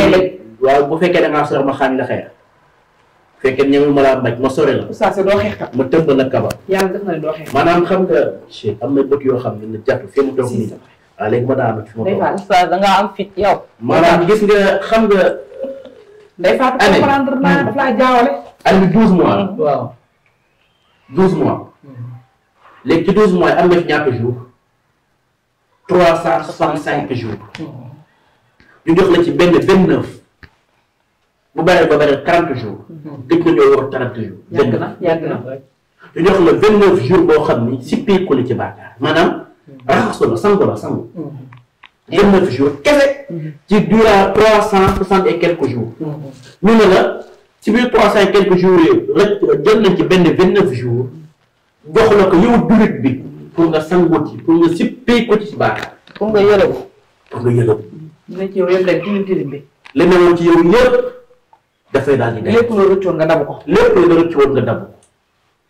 bu fekkee da ngaa sori ma xaar la xëy bu fekkee ñeme ma laa maj ma sore la. ma tëmb la kaba. yàlla na ne doo xeex. maanaam xam nga. am na bët yoo xam ne na jàpp fi mu toog nii. waaw léegi ma daanu fi ma toog. ndeyfaat da ngaa am fit yow. maanaam gis nga xam nga. ndeyfaat comprendre naa léegi ci mois am na fi ñaata jours trois cent soixante cinq jours ñu jox la ci benn vingt neuf bu bëree ba bëri trente jours gëj nañoo war trente jours na yàgg na la vingt neuf jours boo xam ni sippeeku la ci bàkkaar maanaam mhm. raxasu la sangu la sangu mhm. vingt neuf jours kese mhm. ci trois cent soixante et quelques jours ñu ne la ci biir trois cent et quelques jours yi rek jël nañ ci benn vingt neuf jour jox la ko yow durit bi pour nga sangoot yi pour nga sippee ko ci baax pour nga yëlëbu pour nga yëlëbu dina ci yow yëpp rek durit durit bi dafay daal di dem lépp la rëccoon nga dabu ko lépp la rëccoon nga dabu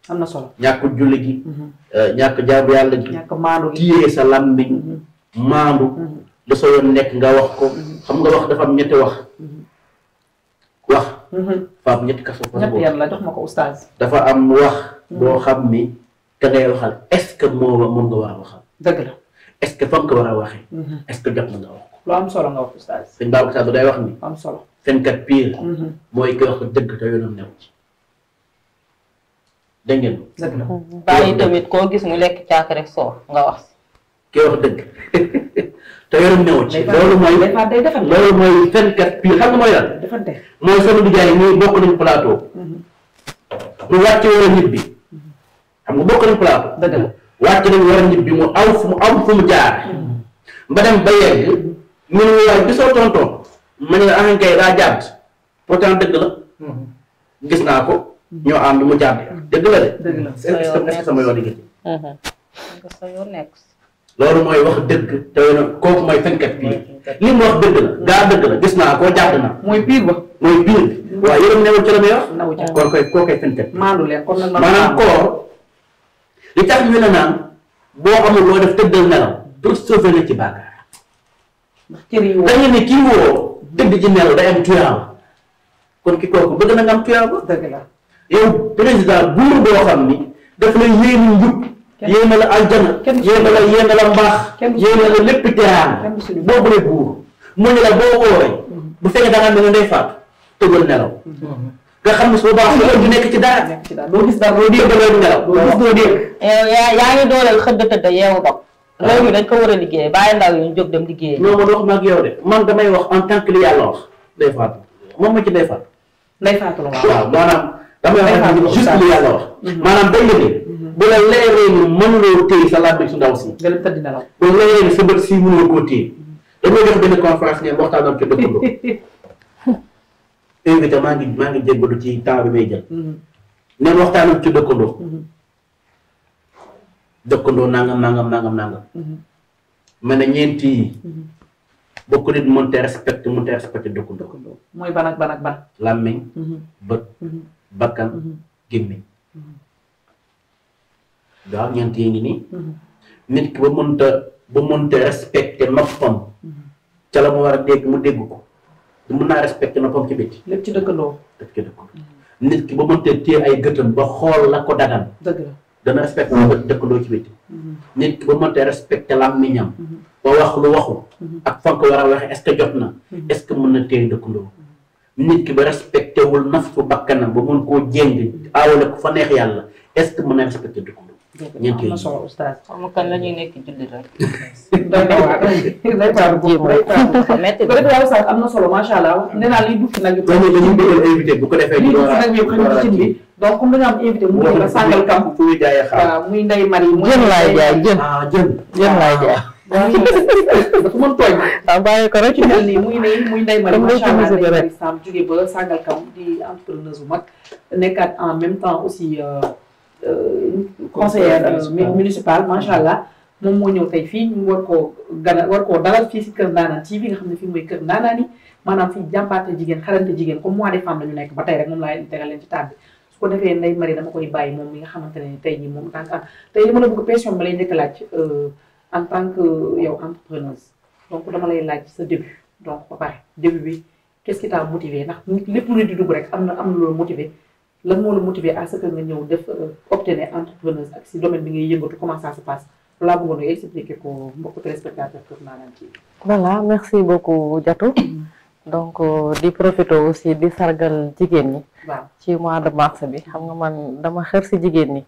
ko na solo ñàkk julli gi mhm. euh, ñàkk jaabu yàlla gi ñàkk maandu sa làmmiñ mhm. maandu da mhm. sa yoon nekk nga wax ko xam nga wax dafa am wax wax dafa am ñetti kaso ñetti ma ko oustaz dafa am wax boo xam ni ka ngay waxal est-ce que moo moom nga war a waxal. dëgg la est-ce que fam war a waxee. Mhm. est-ce que jot na nga wax ko. am solo nga wax oustaz. sëñ Babacar day wax ni. am solo fenkat pire. Mhm. mooy koy wax dëgg te yoonam new ci. ngeen. dëgg la mhm. bàyyi tamit koo gis mu lekk caak soo nga wax si. ki wax dëgg te yoonam new ci. loolu mooy loolu mooy fenkat pire xam nga mooy lan. mooy sama nijaay ñuy bokk nañ plateau. mu wàcce woon nit bi. xam nga bokk nañ dëgg la wàcc nañ war a ñibbi mu aw fu mu aw fu mu jaar. Hmm. ba dem ba yegg ñu ne waaye gisoo tonton ma ne la ah, kay daa jàdd pourtant dëgg la. Hmm. gis naa ko ñoo ànd mu jàdd. Hmm. dëgg la de. dëgg la sa sama yoon yi nga loolu mooy wax dëgg te kooku mooy fenkat fii mu wax dëgg la gaa dëgg la gis naa koo jàdd na. mooy pire ba mooy pire bi. waaw yërëm newul ci la may wax. kon koy koo koy fenkat. koor. li tax ñu ne naan boo amul loo def tëddal nelaw pour sauver la ci bàkkaar. ndax kër yi kii woo tëdd ci nelaw day am tuyaaba kon ki kooku bëgg na nga am tuyaaba. la yow président buur boo xam ni daf lay yéene njub. yéene la aljana yéene la yéene la mbaax yéene la lépp teraanga boobu rek buur mu ne la boo wooree bu fekkee da nga mel ne day faatu tëgal nelaw mm-hmm. nga xam ne su boobaa xëy du nekk ci dara. nekk ci dara doo gis dara doo dégg loolu ngelaw. doo gis doo dégg. yeewu bopp. waaw ah. loolu dañ ko war a liggéeyee bàyyi ndaw yi ñu dem liggéeyee. non man waxuma ak yow de man damay wax en tant que li yàlla wax. day ma ci day faatu. day faatu la waaw maanaam. damay wax juste li yàlla wax. Mhm. maanaam day liggéey. Mhm. bu la leeree ni mënuloo téye sa laaj bi su ndaw si. nga dem tëdd nelaw. bu sa bët si mënuloo koo téye. Mhm. dañoo def benn conférence ne waxtaan am ci invité maa ngi maa ngi jéggalu ci temps bi may jël. Mm-hmm. neen waxtaanam ci dëkkandoo. Mm-hmm. dëkkandoo nangam nangam nangam nangam. Mm-hmm. ma ne ñeenti yi. bokk nit mënut a respecté mënut a respecté dëkkandoo. mooy ban ak ban làmmiñ. bët. bakkan. gémmiñ. waaw ñeenti yi ngi nii. nit ki ba mënut a ba mënut a respecté noppam. mu war a dégg mu dégg ko. mën naa respecté ma comme ci bitti. lépp ci dëkkandoo. lépp ci dëkkandoo. nit ki ba mënte téye ay gëtëm ba xool la ko dagan. dëgg la dana respecté ma mm-hmm. dëkkandoo ci bitti. Mm-hmm. nit ki ba mënte respecté làmmiñam. Mm-hmm. ba wax lu waxu. ak fan ko war a waxee est ce que jot na. est ce que mën na téye dëkkandoo. nit ki ba respecté wul nafsu bakkanam ba mën koo jéng aawale ko fa neex yàlla est ce que mën na respecté ñeent yooyu am na solo oustaz. xam nga kan la ñuy nekk jullit rek. doy na waar day faru boobu day faru. métti bi waaw oustaz am na solo macha allah. nee naa liy dugg nag. loolu la ñuy bëggoon invité bu ko defee. ñu door a ñu door a kii donc comme dañoo am invité mu ngi la sàngal kam. fu muy jaayee xaar waaw muy Ndeye Marie. jën laay jaay jën ah jën. jën laay jaay. dafa mën tooñ. waaw bàyyi ko rek. nii muy ne muy Ndeye Marie macha allah Ndeye Marie Samb jóge ba sàngal kam di entrepreneuse bu mag nekkaat en même temps aussi Euh, euh, conseillère municipale macha allah moom moo ñëw tey fii ñu war koo gana war ko dalal fii si Kër Ndanaan TV nga xam ne fii mooy Kër Ndanaan yi maanaam fii jàmbaate jigéen xarante jigéen comme mois de femme la ñu nekk ba tey rek moom laa leen tegal leen dama koy bàyyi moom mi nga xamante ne tey jii moom tant que tey dama la bëgg question ma lay njëkk a laaj euh, en tant que yow entrepreneuse donc dama lay laaj sa début donc ba pare début bi qu'est-ce qui t'a motivé ndax lépp lu di dugg rek am na am na loolu motivé lan moo la motiver à ce euh, bi ngay yëngatu comment ça se merci beaucoup Diatou. donc euh, di profité aussi di sargal jigéen ñi. waaw ci mois de mars bi xam nga man dama xër si jigéen ñi.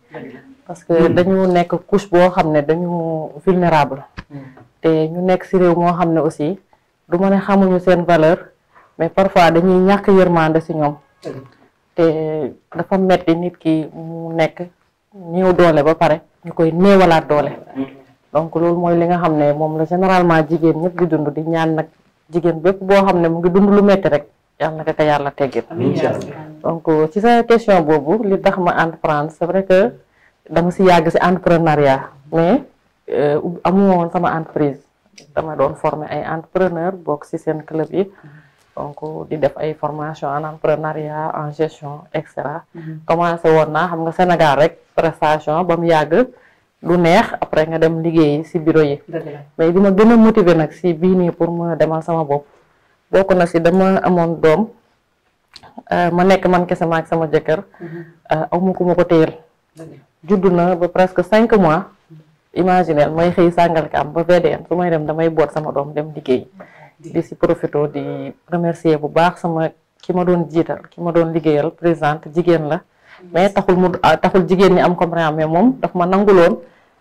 parce que dañu nekk couche boo xam ne dañu vulnérable. Hmm. te ñu nekk si réew moo xam ne aussi du ma ne xamuñu seen valeur mais parfois dañuy ñàkk yërmande si ñoom. te dafa metti nit ki mu nekk néew doole ba pare ñu koy néewalaat doole donc loolu mooy li nga xam ne moom la généralement jigéen ñëpp di dund di ñaan nag jigéen bépp boo xam ne mu ngi dund lu metti rek yàlla naka ka yàlla teggil donc ci sa question boobu li tax ma entreprendre c'est vrai que dama si yàgg si entrepreneuriat mais euh, amu woon sama entreprise dama doon former ay entrepreneur bokk si seen club yi donc di def ay formation en entrepreneuriat en gestion et cetera. Mhm. commencé woon naa xam nga Sénégal rek prestation ba mu yàgg lu neex après nga dem liggéey si bureau yi. mais bi ma gën a motiver nag si bii nii pour ma demal sama bopp. bokk na si dama amoon doom euh, ma nekk man kese ma sama jëkkër. Mhm. Euh, aw ma ko ma ko téyel. juddu na ba presque cinq mois. Mhm. imaginel may xëy sàngal ka am ba VDN su may dem damay boot sama doom dem liggéey. di si profito di remercier bu baax sama ki ma doon jiital ki ma doon liggéeyal présidente jigéen la mais taxul mu ah, taxul jigéen ñi am comprendre mais moom daf ma nangu nanguloon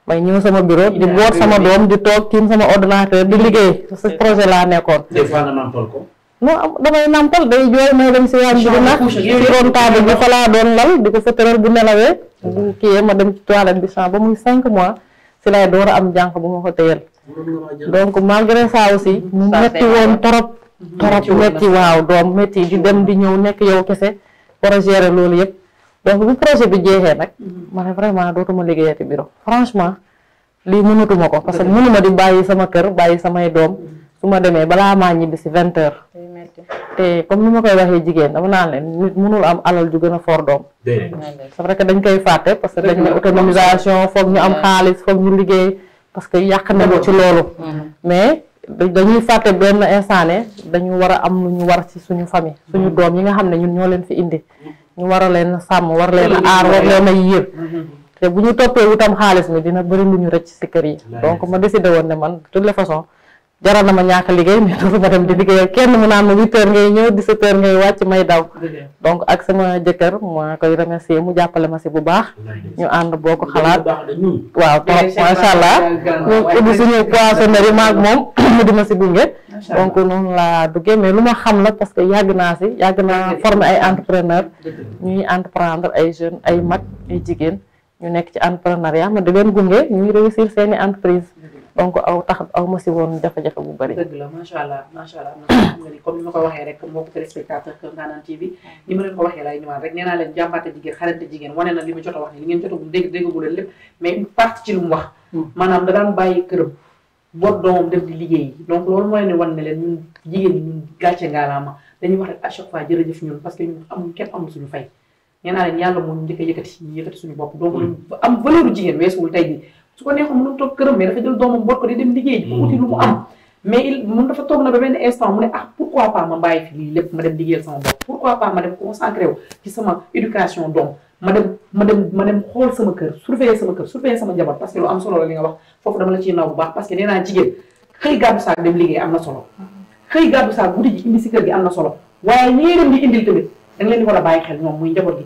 may ñëw sama bureau di boot sama doom di toog tiim sama ordinateur di liggéey si projet laa nekkoon des fois nga nàmpal ko non damay nàmpal day jooy may dem si yaam bi di nag si roon table bi fa laa doon lal di ko fa bu nelawee bu ma dem ci toilette bi champ ba muy cinq mois si lay door a am jànq bu ma ko donc malgré ça aussi mu metti woon torop torop metti waaw doom metti di dem di ñëw nekk yow kese war a loolu yëpp donc bu projet bi jeexee nag mhm. ma ne vraiment dootuma liggéeyati bureau franchement lii mënatuma ko parce que mënuma di bàyyi sama kër bàyyi samay doom mhm. su ma demee balaa maa ñibbi si vingt heures te comme ni ma koy waxee jigéen dama naan leen nit mënul am alal ju gën a fort doom c'est vrai que dañ koy fàtte parce dañ ne autonomisation foog ñu am xaalis foog ñu liggéey parce que yàq nañu ci loolu mm-hmm. mais dañuy fàtte benn instant dañu war a am lu ñu war ci suñu famille suñu mm-hmm. doom yi nga xam ne ñun ñoo leen fi indi ñu war a leen sàmm war leen aar war leen a yiir mm-hmm. te bu ñu toppee wutam xaalis mi dina bëri lu ñu rëcc si kër yi donc ma décidé woon ne man de jaral na ma ñàkk liggéey mais dootuma dem di liggéey kenn mu naan ma huit heures ngay ñëw di sept heures ngay wàcc may daw donc ak sama jëkkër maa koy remercier mu jàppale ma si bu baax ñu ànd boo ko xalaat waaw trop macha allah ñu ubbi suñu poissonnerie maag moom mu di ma si gunge donc noonu laa duggee mais lu ma xam la parce que yàgg naa si yàgg naa former ay entrepreneur ñuy entreprendre ay jeunes ay mag ay jigéen ñu nekk ci entrepreneuriat ma di leen gunge ñuy réussir seeni entreprise donc aw tax aw ma si woon jafe-jafe bu bëri. ma ko waxee rek mbokku téléspectateur Keur ma leen ko na a wax a dégg déggagu leen lépp mais part ci lu mu wax. Hmm. maanaam da daan bàyyi këram liggéey donc loolu moo leen di wan ne leen ñun jigéen ñi ñun gàcce ngaalaama dañuy wax rek à chaque fois parce que ñun amul kenn suñu fay. nee naa leen yàlla moo ñu njëkk yëkkati suñu bopp donc hmm. am valeur jigéen weesuwul tey ji su ko neexoon mënul toog këram mais dafa jël doomam boot ko di dem liggéey ji uti lu mu am mais il mun dafa toog na ba benn instant mu ne ah pourquoi pas ma bàyyi fi lii lépp ma dem liggéeyal sama bopp pourquoi pas ma dem concentré ma dem ma dem am solo la li nga wax foofu dama la ciy naw bu baax parce que nee naa jigéen xëy gàddu saak dem liggéey am na solo xëy gàddu saak guddi ji indi si kër gi am na solo waaye ñi dem di indil tamit da nga leen di war bàyyi xel ñoom muy njaboot gi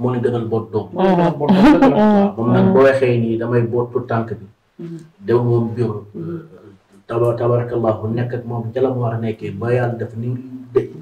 moo ne gënal boot doom. moom nag boo nii damay boot tànk bi. Mm-hmm. dem moom bureau. Mm-hmm. taba tabarakallahu nekk ak moom ca la mu war a nekkee ba yàlla def ni def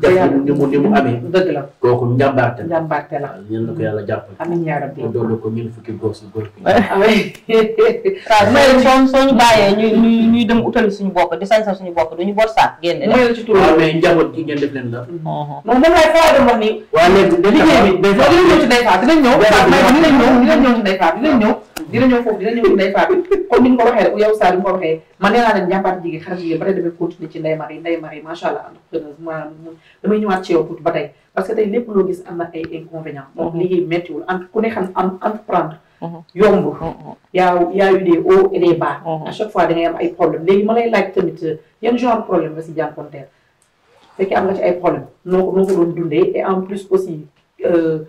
ni mu ni mu amee dëgg la kooku njàmbaarte la njàmbaarte la yéen la ko yàlla jàppale amiin yaa rabbi doolu ko ñun fukki góor si góor waaw mayel soo soo ñu bàyyee ñu ñu ñuy dem utali suñu bopp di sañsa suñu bopp duñu bor saak génn mayel ci tur mais njaboot gi ngeen def leen la moom uh-huh. moom laay foo dem wax ni waa léegi liggéey bi dinañ ñëw ci day faat dinañ ñëw dinañ ñëw dinañ ñëw ci day faat dinañ ñëw dinañ ñëw foofu dinañ ñëw ci day faat bi comme ni ñu ko waxee yow saa di ko waxee man nee naa leen njàmbaar xaram jigéen xaram jigéen ba tey damay continuer ci Ndeye Marie Ndeye Marie macha allah entrepreneuse maanaam damay parce que tey lépp loo gis am na ay inconvénients. donc mm-hmm. liggéey méttiwul entre ku ne xam am entreprendre. Mm-hmm. yombul. Mm-hmm. yaa yaa yu des hauts é des bas. à chaque fois da ngay am ay problèmes léegi ma lay laaj tamit yan a problème nga si jànkuwanteel. fekkee am nga ci ay problème noo ko doon dundee en plus aussi. Euh,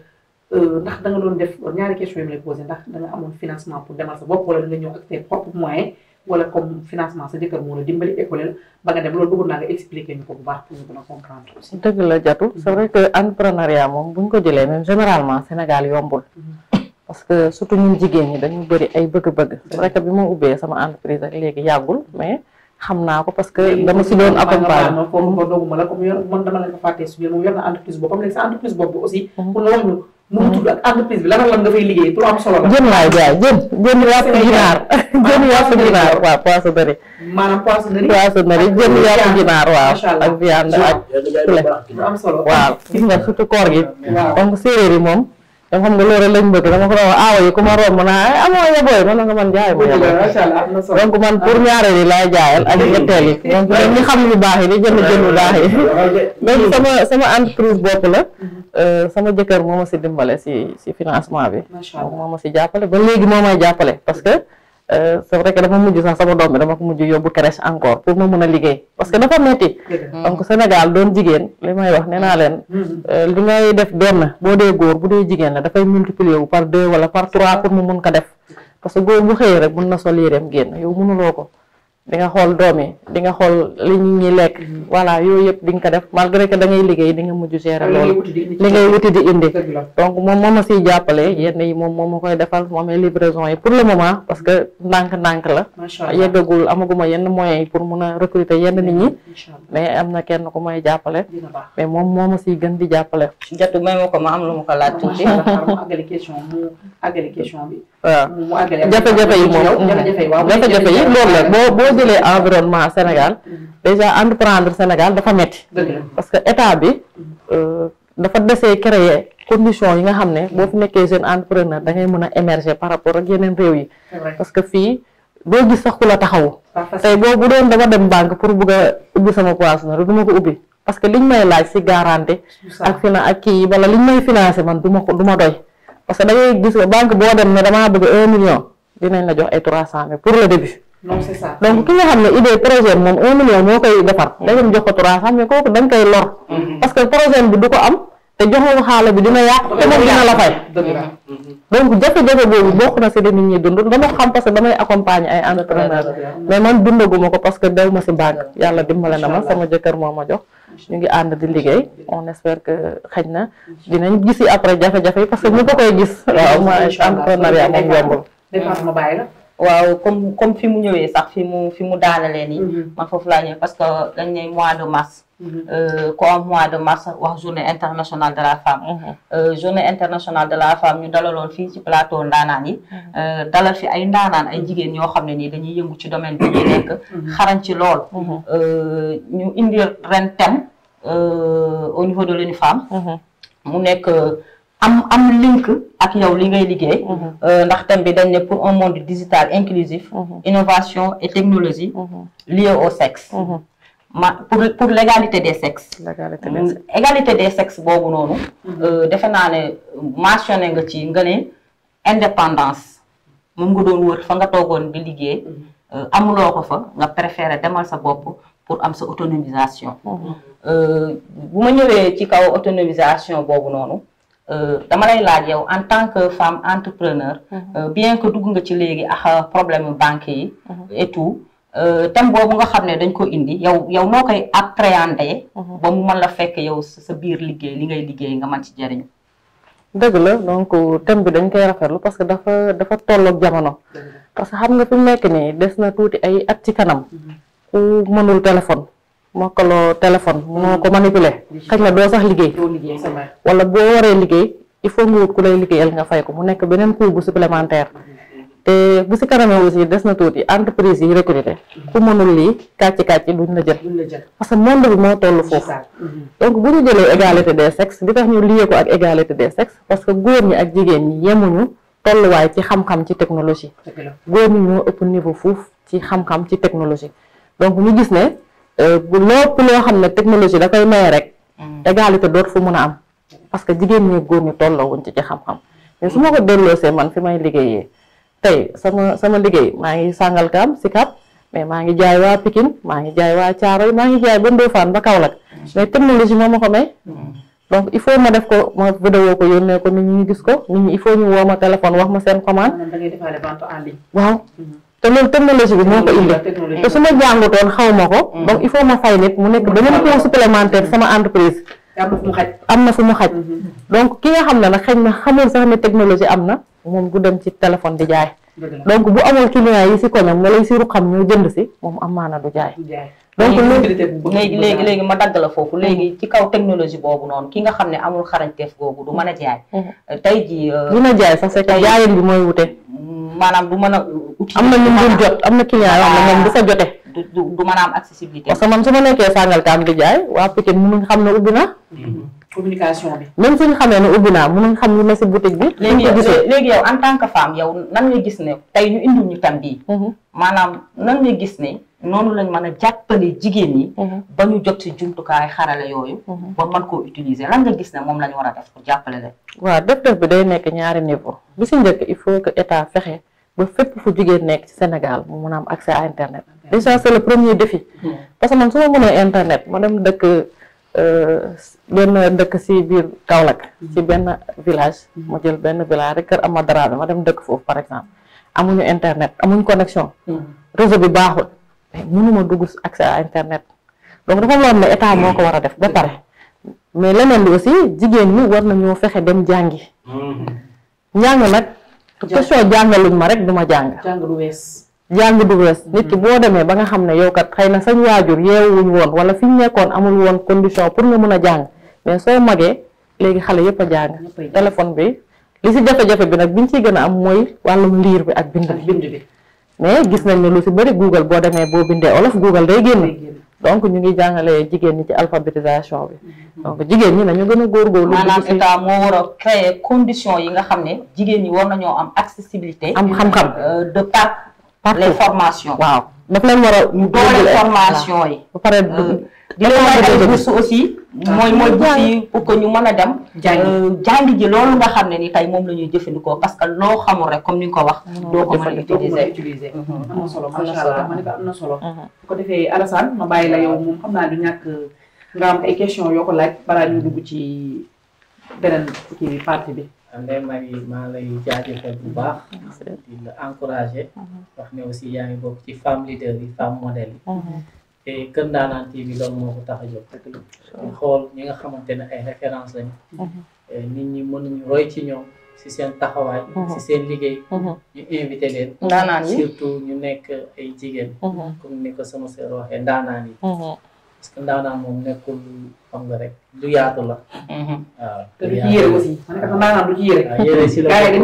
euh, ndax da doon def ñaari question yi lay posé ndax da nga financement pour demal sa bopp wala da nga ñëw ak ses propres moyens wala comme financement sa jëkkër moo la dimbali école la ba nga dem loolu bëggoon naa nga expliquer ñu ko bu baax pour ñu gën a comprendre aussi. dëgg la jatu mm-hmm. c'est vrai que entrepreneuriat moom bu ñu ko jëlee même généralement Sénégal yombul. Mm-hmm. parce que surtout ñun jigéen ñi dañu bëri ay bëgg-bëgg. Mm-hmm. c'est vrai que bi ma ubbee sama entreprise ak léegi yàggul mais. xam naa ko parce que dama si doon accompagner ma foofu ma dooguma la comme yor man dama la ko fàttee su moom yor na entreprise boppam léegi sa entreprise bopp bi aussi pour nga wax ñu mu tudd ak entreprise bi lan ak lan nga fay liggéey pour am solo la. jën laay jaay jën jën waa ginaar. Ah, jën yàpp ginaar waaw poissonnerie. maanaam poissonnerie. poissonnerie jën yàpp gi. donc séeréer moom. dama xam nga loolu lañ bëgg dama ko doon wax aawa ku ma romb naa amoo ya booy man nga man jaay ma donc man pour ñaareel yi laay jaayal ak ñetteel yi donc xam lu baax yi di jënd jënd lu baax yi sama sama entreprise bopp la sama jëkkër moo ma si dimbale si si financement bi moo si jàppale ba léegi moo ay jàppale parce que Euh, c'est vrai que dafa mujj sax sama doom bi dama ko mujj yóbbu crèche encore pour ma mun a liggéey parce que dafa metti donc Sénégal doon jigéen li may wax nee naa leen mm. Mm. Euh, li ngay def benn boo dee góor bu dee jigéen la dafay multiplier wu par deux wala par trois pour mu mun ko def parce que góor bu xëyee rek mun na sol yéreem génn yow mënuloo ko di nga xool doom yi di nga xool li ñu ñuy lekk voilà yooyu yëpp di nga ko def malgré que da ngay liggéey di nga mujj gérer loolu li ngay wuti di indi donc moom moom ma siy jàppale yenn yi moom moom ma koy defal moom ay livraison yi pour le moment parce que ndànk-ndànk la yeggagul amaguma yenn moyens yi pour mun a recruter yenn nit ñi mais am na kenn ku may jàppale mais moom moo ma siy gën di jàppale jatu may ma ko ma am lu ma ko laaj tuuti bi waaw jafe-jafe yi moom mm-hmm. jafe-jafe yi loolu la boo boo jëlee environnement Sénégal mm-hmm. déjà entreprendre Sénégal dafa metti parce que état bi mm-hmm. euh, dafa desee créer condition yi nga xam ne boo fi nekkee jeune entrepreneur da ngay mën a émerger par rapport ak yeneen réew yi parce que fii doo gis sax ku la taxawu tey boo bu doon dama dem banque pour bëgg a ubbi sama poissonnerie du ma ko ubbi parce que liñ may laaj si garantie ak ak kii yi wala liñ may financé man du ma ko du ma doy parce que da ngay gis ne banque boo dem ne damaa bëgg un million dinañ la jox ay trois cent pour le début. non c'est ça xam ne idée projet moom un million moo koy defar. da ngeen jox ko trois cent mais kooku koy lor. Mm-hmm. parce que projet bi du ko am. te joxul xaala bi dina yàq te moom dina la fay donc jafe-jafe boobu bokk na si li nit ñi dund dama xam parce que damay accompagner ay entrepreneur mais man dundaguma ko parce que dew ma si banque yàlla dimbale na ma sama jëkkër moo a jox ñu ngi ànd di liggéey on espère que xëy na dinañ gisi après jafe-jafe yi parce que ñu ko koy gis waaw ma entrepreneuriat moom yombul waaw comme comme fi mu ñëwee sax fi mu fi mu daanalee nii. Mhm. man foofu laa ñëw parce que dañ ne mois de mars. Mhm. Euh, ko mois de mars wax journée internationale de la femme. Mhm. Euh, journée internationale de la femme ñu dalaloon fii ci plateau ndaanaan yi. Euh, dalal fi ay ndaanaan ay jigéen ñoo xam ne nii dañuy yëngu ci domaine bi nekk. xarañ ci lool. ñu indi ren thème au niveau de l'UNIFEM. mu nekk. am am link ak yow li ngay liggéey. Mhm. Euh, ndax thème bi dañ ne pour un monde digital inclusif. Mhm. innovation et technologie. Mhm. liée au sexe. ma pour pour l'égalité des sexes. l'égalité des mm, sexes égalité des sexes boobu noonu. Euh, defe naa ne mentionné nga ci nga ne indépendance moom nga doon wër fa nga toogoon di liggéey. Euh, amuloo ko fa nga préféré demal sa bopp pour am sa autonomisation. bu ma ñëwee ci kaw autonomisation boobu noonu. Euh, dama lay laaj yow en tant que femme entrepreneur. Mhm. Euh, bien que dugg nga ci léegi ak problème banque yi. Mhm. et tout euh, thème boobu nga xam ne dañ ko indi yow yow noo koy appréhender. Mhm. ba mu man la fekk yow sa biir liggéey li ngay liggéey nga man ci jëriñu. dëgg la donc thème bi dañ koy rafetlu parce que dafa dafa tolloog jamono. parce que xam nga fi mu nekk nii des na tuuti ay at ci kanam. ku mënul téléphone. mokkaloo téléphone. moo ko manipuler. xaj na doo sax liggéey. wala boo waree liggéey il faut nga wut ku lay liggéeyal nga fay ko mu nekk beneen coût bu supplémentaire. te bu si kanamee aussi des na tuuti entreprise yi recruter. ku mënul lii kàcci kàcci duñ la jël. parce que monde bi moo toll foofu. Mhm. donc bu ñu jëlee égalité des sexes di tax ñu lié ko ak égalité des sexes parce que góor ñi ak jigéen ñi yemuñu tolluwaay ci xam-xam ci góor ñi ëpp niveau fuuf ci xam-xam ci technologie donc ñu gis bu euh, lépp loo xam ne technologie da koy maye rek. Mm. égalité doot fu mun a am. parce jigéen ñi góor ñi tolloo wuñ ci ci xam-xam. mais su ma ko delloosee man fi may liggéeyee tey sama sama liggéey maa ngi Sangalkam Sicap mais maa ngi jaay waa Pikine maa ngi jaay waa Thiaroye maa ngi jaay ba Ndofane ba Kaolack mm. mais technologie moo ma ko mm. donc il faut ma def ko ma vidéo ko yónnee ko nit ñi ñu gis ko nit ñi il faut ñu woo ma téléphone wax ma seen commande. waaw. te loolu technologie bi moo ko indi te su ma jàngutoon xaw ma ko donc il faut ma fay nit mu nekk beneen cours supplémentaire sama entreprise am na fu mu xaj mhm. donc ki nga xam ne nag xëy na xamul sax ne technologie am na moom du dem ci téléphone di jaay donc bu amul client yi si koñam wala si ruqam ñoo jënd si moom am amaana du jaay donc léegi léegi léegi ma dagg la foofu hmm. léegi ci kaw technologie boobu noonu ki nga xam ne amul xarañteef googu du mën a jaay hmm. euh, tey ji euh, du mën a jaay sax c'est que bi mooy wute maanaam du mën a na ñu dul na client yoo xam ne moom du sa jote du mën a am accessibilité parce que man su ma nekkee Sangalkam di jaay waa Pikine mënuñ xam ne ubbi na hmm. communication bi même suñu xamee ne ubbi naa mënuñ ma si boutique bi léegi yow en tant que femme yow nan nga gis ne tey ñu indil ñu tam bii maanaam nan nga gis ne noonu lañ mën a jàppale jigéen ñi. Mhm. ba ñu jot ci jumtukaay xarale yooyu. Mhm. ba mën koo utiliser lan nga gis ne moom la ñu war a def pour def bi day nekk ñaari niveau bi si njëkk il faut que état fexe ba fépp fu jigéen nekk ci Sénégal mu mun am accès à internet. déjà c'est le premier défi. Mhm. parce que man su mënee internet ma dem dëkk euh, benn dëkk si biir Kaolack. ci benn village. ma jël benn village rek kër Amadou Darabe ma dem dëkk foofu par exemple amuñu internet amuñu connexion. mënuma dugg accès à internet donc dafa loolu ne état moo ko war a def ba pare mais leneen li aussi jigéen ñi war nañoo fexe dem jàngi mhm. njàng nag question jàngaluñ ma rek du jàng jàng du wees jàng du wees nit ki mhm. boo demee ba nga xam ne yow kat xëy na sañ waajur yeewuñ woon wala fi ñu nekkoon amul woon condition pour nga mën a jàng mais soo magee léegi xale yépp a jàng téléphone bi li si jafe-jafe bi nag ñu ciy gën a am mooy wàllum liir bi ak bind bi mais gis nañ ne lu si bëri Google boo demee boo bindee olof Google day génn donc ñu ngi jàngalee jigéen ñi ci alphabétisation bi mm-hmm. donc jigéen ñi nañu gën a góorgóorlu maanaam état moo war a créer condition yi nga xam ne jigéen ñi war nañoo am accessibilité am xam-xam euh, de par les formation waaw daf leen war a doole formation yi ba pare euh, di leen ay bourse aussi Ah. mooy mooy bus yi pour ñu mën a dem euh, jàngi ji loolu nga xam ne ni tey moom la ñuy jëfandikoo parce que loo xamul rek comme ni nga ko wax ah. doo ko mën a utiliser mhm. am na solo macha allah ma ne ko am na mhm. ko defee Alassane ma bàyyi la yow ñàkk am ay question yoo ko laaj ñu dugg ci beneen kii bi Ndeye Marie maa lay jaajëfal bu baax di la encouragé mhm. wax aussi yaa ngi bokk ci femme yi femme modèle yi te Kër Ndanane a jóg ñi nga xamante ne ay référence mhm. eh, ñi mën roy ci ñoom si seen taxawaay mhm. si seen liggéey mhm. ñu invité leen ndaanaan yi ñu nekk ay jigéen comme ni ko sama sœur waxee ndaanaan moom nekkul xam nga rek du yaatu la. waaw te du ci yére aussi man mm-hmm. dafa ndaanaan du ci yére. ah yére ah. ah, si la bokk mais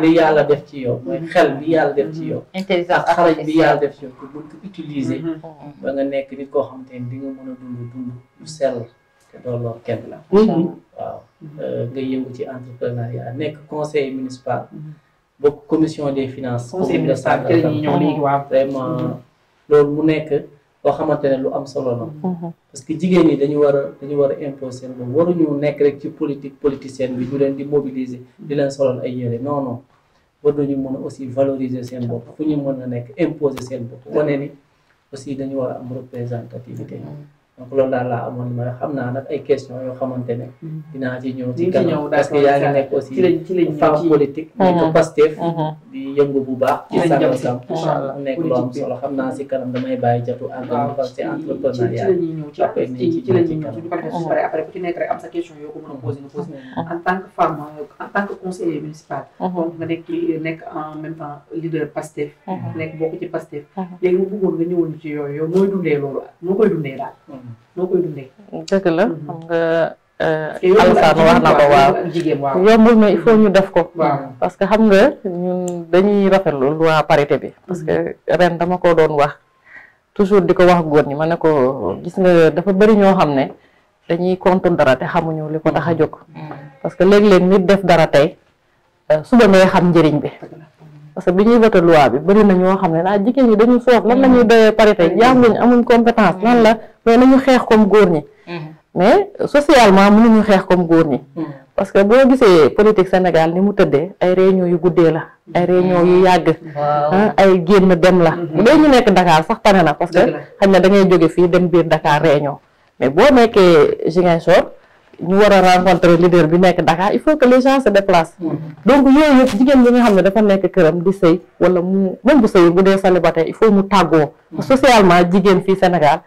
ci def ci yow. mooy xel bi yàlla def ci yow. intelligence ak xarañ bi yàlla def ci yow pour mën ko ba nga nekk nit koo xam te ne nga mën a dund dund lu sell te kenn la. Euh, nga yëngu ci entrepreneuriat nekk conseil municipal. Mm-hmm. bokk commission des finances. conseil municipal kër yi ñëw léegi waaw vraiment mm-hmm. loolu mu nekk loo xamante ne lu am solo la. Mm-hmm. parce que jigéen ñi dañu war a dañu war a imposer waruñu nekk rek ci politique politicienne bi ñu leen di mobiliser di leen solal ay yére non war nañu mën a aussi valoriser seen bopp fu ñu mën a nekk imposer seen bopp wane ni aussi dañu war a am représentativité. donc loolu daal laa amoon ma xam naa nag ay question yoo xamante ne mm-hmm. dinaa ci ñëw ci kanam parce que yaa ngi nekk aussi ci lañ femme politique mm-hmm. nekk Pastef mm-hmm. di yëngu bu baax ci Samm Samm nekk lu am solo xam naa si kanam damay bàyyi jatu ànd parce que entrepreneuriat après ni ci ci lañ ñëw ñu ko def pare après ku ci nekk rek am sa question yoo ko mën a posé nga posé en tant que femme en tant que conseiller municipal donc nga nekk nekk en même temps leader Pastef nekk bokk ci Pastef léegi mu bëggoon nga ñëwoon ci yooyu yow mooy dundee loolu moo koy dundee daal noo la mm-hmm. xam nga. Euh, Alassane wax na ko waaw yombul mais il faut ñu def ko parce que xam nga ñun dañuy rafetlu loi parité bi parce que mm-hmm. ren dama ko doon wax toujours di ko wax góor ñi ma ne ko gis nga dafa bëri ñoo xam ne dañuy contre dara te xamuñu li ko tax a jóg mm-hmm. parce que léeg-léeg nit def dara tey euh, suba ngay xam njëriñ bi parce que bi ñuy voté loi bi bëri na ñoo xam ne naa ah jigéen ñi dañu soof lan la ñuy doyee parité mm-hmm. jànguñ amuñ compétence lan la mais nañu xeex comme góor ñi mm-hmm. mais socialement mënuñu xeex comme góor ñi mm-hmm. parce que boo gisee politique Sénégal ni mu tëddee ay réunion yu guddee la ay réunion yu yàgg ah ay génn dem la bu dee ñu nekk ndakaar sax tane na parce que xañ ne da ngay jóge fii dem biir Dakar réunion mais boo nekkee Ziguinchor ñu war a rencontrer leader bi nekk Dakar il faut que les gens se déplacent. Mm-hmm. donc yooyu yëpp jigéen bi nga xam ne dafa nekk këram di sëy wala mu même bu sëy bu dee célibataire il faut mu tàggoo. Mm-hmm. socialement jigéen fii Sénégal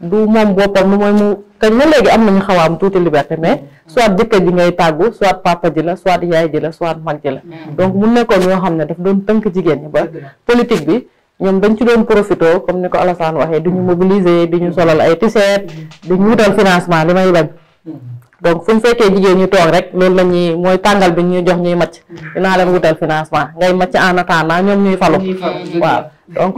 du moom boppam nu mooy mu kañ la léegi am nañu xaw a am tuuti liberté mais mm-hmm. soit jëkkër ji ngay tàggu soit papa ji la soit yaay ji la soit mag ji la. donc mu nekkoon yoo xam ne daf doon tënk jigéen ñi ba politique bi. ñoom dañ ci doon profité comme ko Alassane waxee di ñu mobiliser di ñu solal di ñu wutal financement li may bañ donc fu ñu fekkee jigéen ñu toog rek loolu la ñuy mooy tàngal bi ñuy jox ñuy màcc dinaa leen wutal financement ngay màcc en attendant ñoom ñuy falu waaw donc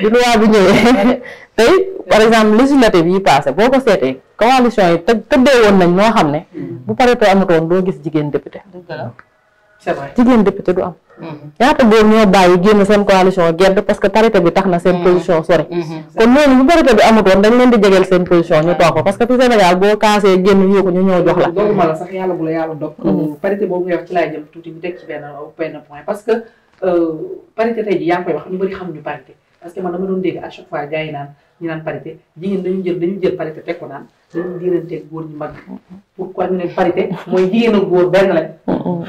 di loi bu ñëwee tey par exemple législative yi passé boo ko seetee coalition yi tëddee woon nañ noo xam ne hmm. bu paree amatoon doo gis jigéen député c'est vrai jigéen député du am. Mm-hmm. ñaata góor ñoo bàyyi génn seen coalition gedd parce que parité bi tax na seen mm-hmm. position sore mm-hmm. kon noonu bu parité bi amutoon dañ leen di jegeel seen position ñu toog ko parce que euh, ci la euh, tey ji yaa ngi koy wax ñu bëri xamuñu parité parce que man dama doon dégg à chaque fois gars naan ñu naan parité jigéen dañu jël dañu jël parité teg ko naan dañu diirante góor ñu mag pourquoi ñu ne parité mooy jigéen ak góor benn lañ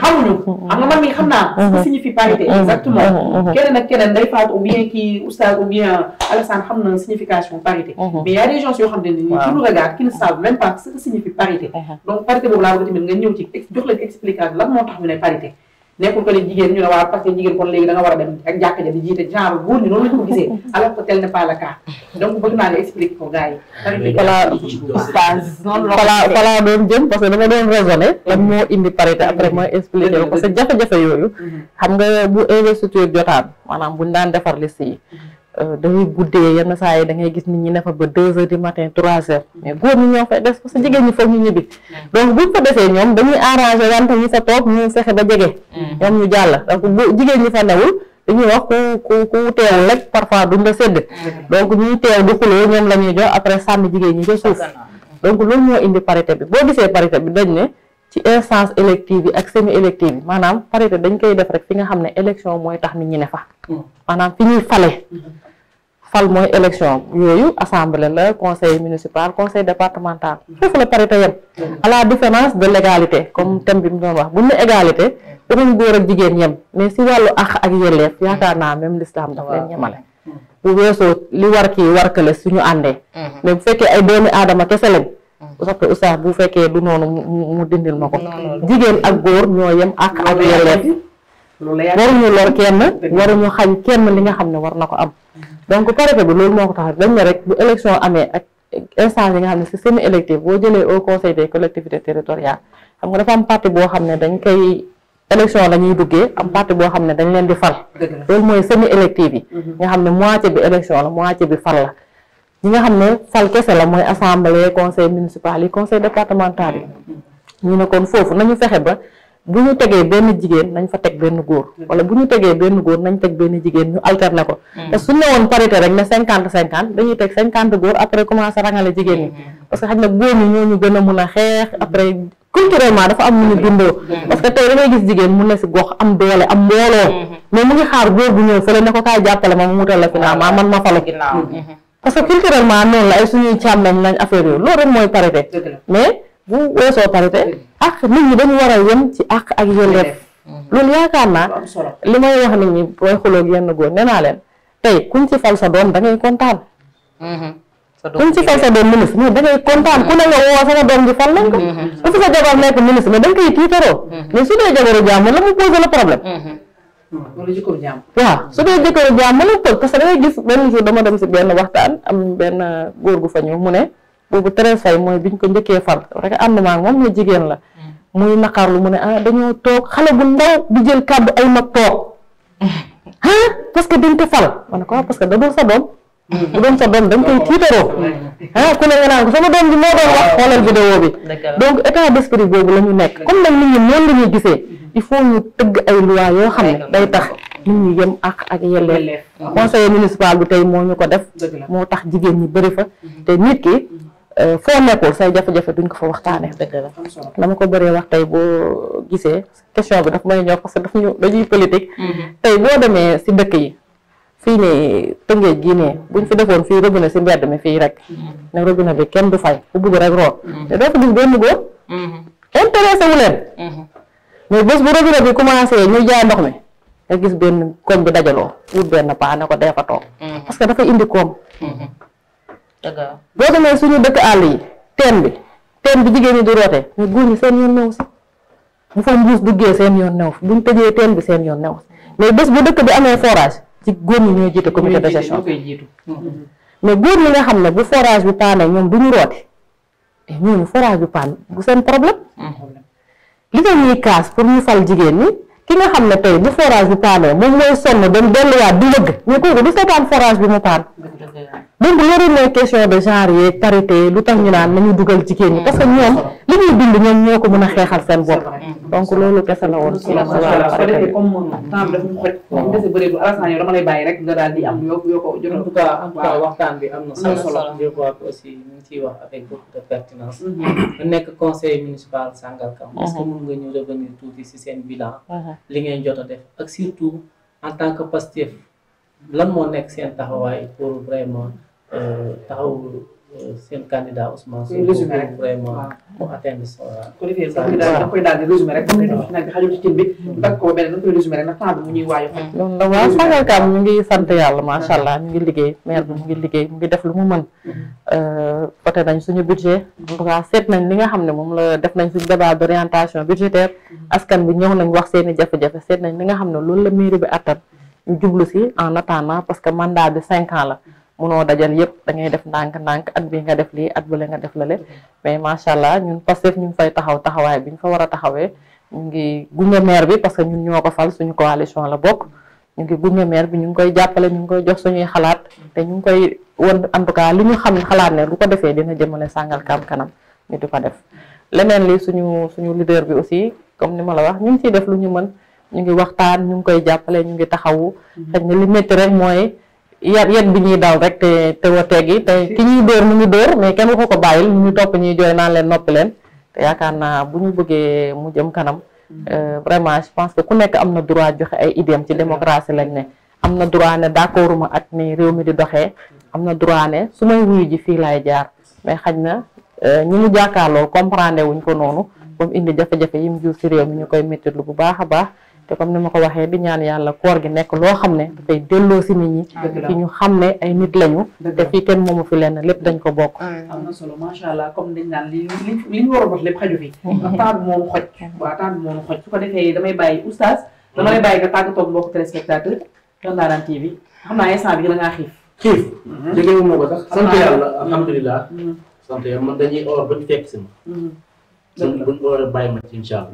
xamuñu am nga man mi xam naa signifie parité exactement keneen ak keneen day faat ou bien kii oustaz ou bien Alassane xam na signification parité mhm. mais y a des gens yoo xam ne ni qui nous regardent qui ne savent même pas ce que signifie parité mhm. donc parité boobu laa bëgg tamit nga ñëw ci jox leen explication lan moo tax ñu parité nekkul que ne jigéen ñu ne waa parce que jigéen a dem ak jàkk ja di jiite genre góor ñi donc bëgg naa ne expliquer ko gars yi voilà voilà doon jëm parce que dama doon raisonné mm-hmm. lan moo indi parité après mooy expliqué mm-hmm. parce que jafe yooyu mm-hmm. xam nga bu investiture jotaan maanaam buñ daan defar liste yi Euh, dafay guddee yenn saa yi da ngay gis nit ñi ne fa ba deux heures du matin trois heures mais góor ñi ñoo fay des parce que jigéen ñi foog ñu ñibbi donc buñ fa desee ñoom dañuy arrangé wante ñi fa toog ñu fexe ba jege mm-hmm. ñoom ñu jàll donc bu jigéen ñi fa newul dañuy wax ku ku ku teewul rek parfois duñ la mm-hmm. donc ñuy teew di xuloo ñoom la ñuy jox après sànni jigéen ñi ca suuf donc loolu moo indi parité bi boo gisee parité bi dañ ne ci instance élective yi ak semi élective yi maanaam parité dañ koy def rek fi nga xam ne élection mooy tax nit ñi ne fa mm. maanaam fi ñuy fale mm-hmm. fal mooy élection yooyu assemblée la conseil municipal conseil départemental mm-hmm. foofu la parité yem mm-hmm. à la différence de l'égalité comme thème bi mu doon wax bu ne égalité damuñ góor ak jigéen yem mais si wàllu àq ak yelleef yaakaar naa même l'islam daf leen ñemale bu weesoo li war kii war kale suñu àndee mais bu fekkee ay doomi aadama kese lañ sax mm. que oustaz bu fekkee du noonu mu dindil ma ko jigéen ak góor ñoo yem ak ak yelleef waruñu lor kenn waruñu xañ kenn li nga xam ne war na ko am mm-hmm. donc parité bi loolu moo ko tax dañ ne rek bu élection amee ak instance nga xam ne si semi élective boo jëlee au conseil des collectivités territoriales xam nga dafa am parti boo xam ne dañ koy élection la ñuy duggee am mm-hmm. parti boo xam ne dañ leen di fal loolu mooy semi élective yi mm-hmm. nga xam ne moitié bi élection la ñi nga xam ne sal kese la mooy assemblée conseil municipal yi conseil départemental yi ñu ne kon foofu nañu fexe ba bu ñu tegee benn jigéen nañ fa teg benn góor wala bu ñu tegee benn góor nañ teg benn jigéen ñu alterner ko hmm. te su ne woon parité rek ne cinquante cinquante dañuy teg cinquante góor après commencé rangale jigéen ñi hmm. parce que xaj na góor ñi ñoo ñu gën a mun a xeex après culturellement dafa am nu ñu bindoo hmm. parce que tey da gis jigéen mun na si gox am doole am mbooloo mu xaar góor bu ñëw fële ne ko kaay jàppale man ma parce que culturellement noonu la ay suñuy càmmeñ lañ affaire yooyu loolu rek mooy parité mais bu weesoo parité ak nit ñi dañu war a yem ci ak ak yelleef mhm. loolu yaakaar naa li may wax nit ñi booy xuloog yenn góor nee leen tey kuñ ci fal sa doom da ngay kontaan mhm. kuñ ci fal sa doom ministre mais da ngay kontaan ku ne nga woo sama doom ji fal nañ ku mhm. fi sa jabar nekk ministre mais da tiitaroo mais su dee jabaru jàmm la mu posé le problème wala jëkkëru jàmm. waaw su dee jëkkëru jàmm mën na ko parce que da ngay gis benn jour dama dem si benn waxtaan am benn góor gu fa ñëw mu ne boobu tere fay mooy biñ ko njëkkee fal rek ànd maa moom ne la. Mm. muy naqarlu mu ne ah dañoo toog xale bu ndaw di jël kàddu ay mag toog. ah parce que dañ ko fal ma ne ko ah, parce que da doon sa doom. da doon sa doom dañ koy tiitaroo. ah ku ne nga naan ko sama doom bi moo doon wax xoolal vidéo bi. donc état d'esprit boobu la nekk comme nag nit ñi noonu la gisee. il faut ñu tëgg ay loi day tax nit ñu ak ak yelleef conseil municipal bi tey moo ñu ko def moo tax jigéen ñi bëri fa mhm. te nit ki mhm. euh, foo nekkul say jafe duñ ko fa waxtaanee mhm. dama ko bëree wax tey boo gisee question bi daf may ñor parce daf ñu dañuy politique tey boo demee si dëkk yi fii nii tëngéej gii nii buñ fi defoon fii robinet si mbedd mi fii rek ne robinet bi kenn du fay bu bugg rek root te doo fa gis benn góor intéressé mais bés bu robinet bi commencé ñu jaay ndox mi nga gis benn koñ bi dajaloo wut benn paa ko dee fa toog. Mm-hmm. parce que dafay indi koom. Mm-hmm. dëgg la boo demee suñu dëkk àll yi teen bi teen bi jigéen ñi di roote ñu góor ñi seen yoon new si bu seen yoon new si buñ teen bi seen yoon new mais bés bu dëkk bi amee forage ci góor ñu ñoo jiite comité de gestion mm-hmm. mais góor ñi nga xam ne bu forage bi paane moom du ñu roote te ñooñu bi paan bu seen problème li tax ñuy kaas pour ñu fal jigéen ñi ki nga xam ne tey bu forage bi paanoo moom mooy sonn dem delluwaat di wëgg mais kooku du seetaan forage bi mu paan donc loolu mooy question de genre yeeg parité lu tax ñu naan nañu dugal jigéen ñi parce que ñoom li ñuy dund seen bopp donc loolu kese la woon ci la soo rek nga daal di am yoo yoo ko jot en tout cas en tout cas waxtaan bi am na solo solo je crois que aussi mhm. mu nekk conseil municipal Sangalkam est-ce que mën mhm. nga tuuti si seen bilan mhm. li ngeen jot a def ak surtout en tant que Pastef lan moo nekk seen taxawaay pour vraiment Eh, taxaw eh, seen candidat Ousmane Sonko vraiment ñuy hmm. waayu. Hmm. loolu la waaw Sangal Kam mu ngi sant yàlla macha allah mu ngi liggéey maire bi mu ngi liggéey mu ngi def lu mu mën. Hmm. Eh, voté nañ suñu budget. en tout seet nañ li nga xam ne moom la def nañ suñu débat d' orientation budgétaire. askan bi ñëw nañ wax seeni i jafe-jafe seet nañ li nga xam ne loolu la mairie bi attan. ñu jublu si en attendant parce que mandat bi cinq ans la. munoo dajal yëpp da ngay def ndànk-ndànk at bi nga def lii at bële nga def lale mais macha allah ñun Pastef ñu ngi fay taxaw taxawaay bi ñu fa war a taxawee ñu ngi gunge bi la bokk ñu ngi koy jàppale ñu ngi koy jox suñuy kanam ñu di ko def leneen li suñu suñu leader bi aussi comme ni ma la wax ñu ngi ciy def lu ñu mën ñu ngi waxtaan ñu ngi koy jàppale ñu ngi taxawu xëy li métti rek mooy yat yat bi ñuy daw rek te te wateeg yi te ki ñuy dóor mu ngi dóor mais kenn waxu ko bàyyil ñu topp ñuy jooy naa leen noppi leen te yaakaar naa bu ñu bëggee mu jëm kanam mm. euh, vraiment je que ku nekk am na droit joxe ay idéem ci démocratie lañ ne am na droit ne d'accorduma ak ni réew mi di doxee am na droit ne su may wuyu ji fii laay jaar mais xaj na euh, ñu mu jàkkaarloo comprender wuñ ko noonu comme indi jafe-jafe yi mu jur ci réew mi ñu koy méttitlu bu baax a baax te comme ni ma ko waxee di ñaan yàlla koor gi nekk loo xam ne dafay delloo si nit ñi ah, ci ñu xam ne ay nit lañu te fii kenn moomu fi lenn lépp dañ ko bokk ah, am na solo macha allah comme dañ naan li li ñu war a wax lépp xaju fi ndax temps bi moonu xoj waaw temps bi moonu ko defee damay bàyyi oustaz damay bàyyi nga tàggatoo mbokk téléspectateur Keur naa instant bi da ngaa mm-hmm. ma ko sax sant mm-hmm. dañuy or bañ fekk si ma mm-hmm. buñ or bàyyi ma ci incha allah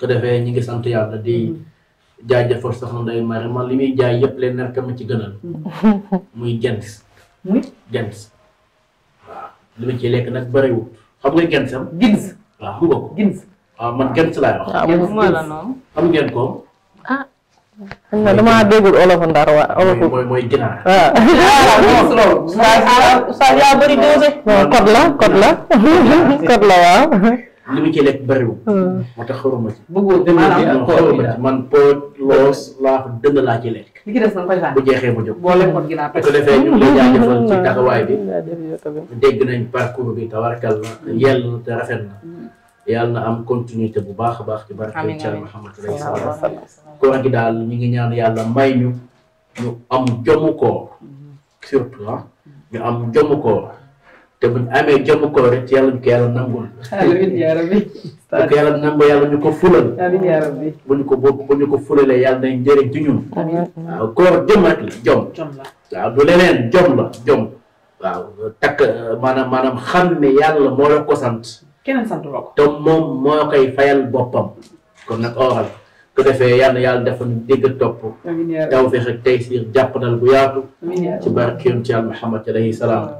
su ko defee ñi ngi sant yàlla di mm-hmm. jaajëfal soxna Ndeye Marie man li muy jaay yëpp leen nekk ma ci gënal. Mm-hmm. muy gens. muy gens. waaw li ma ciy lekk nag bëriwul xam nga gensam. gins waaw xam nga ko gins. waaw gens laay wax. Ah, xam ngeen ko. ah. xam nga damaa déggul olof ndar waa olof. mooy mooy ginaar. waaw. Ah. la ah, code la code la waaw. li mu ci lekk bëriwul. Ah. moo tax xaruma ci. bëggoo dënd man poot loos laax dënd laa ci lekk. li ci des koy bu jeexee mu boo lekkoon ginnaaw bu ko defee ñu ngi lay jaajëfal ci hmm. taxawaay bi. dégg nañ parcours bi tawarkal na hmm. yell na te rafet na. Hmm. yàlla na am continuité bu baax a baax ci barke Thierno Mouhamed alayhi salaam. koor gi daal ñu ngi ñaan yàlla may ñu ñu am jomu koor surtout ah. ñu am jomu koor. te buñ amee jëmm koor rek yàlla ñu ko yàlla nangul. amiin yaa rabbi. bu yàlla ko fulal. bu ñu ko bu ñu ko fulalee yàlla nañ njëriñ ci ñun. waaw koor jëm rek la jom. waaw du leneen jom la jom. waaw takk maanaam maanaam xam ne yàlla moo la ko sant. keneen sant la ko. te moom moo koy fayal boppam. kon nag oral su defee yàlla yàlla dafa ñu dégg topp taw fexe tey siir jàppandal bu yaatu ci barkeem ci al Muhammad alayhi salaam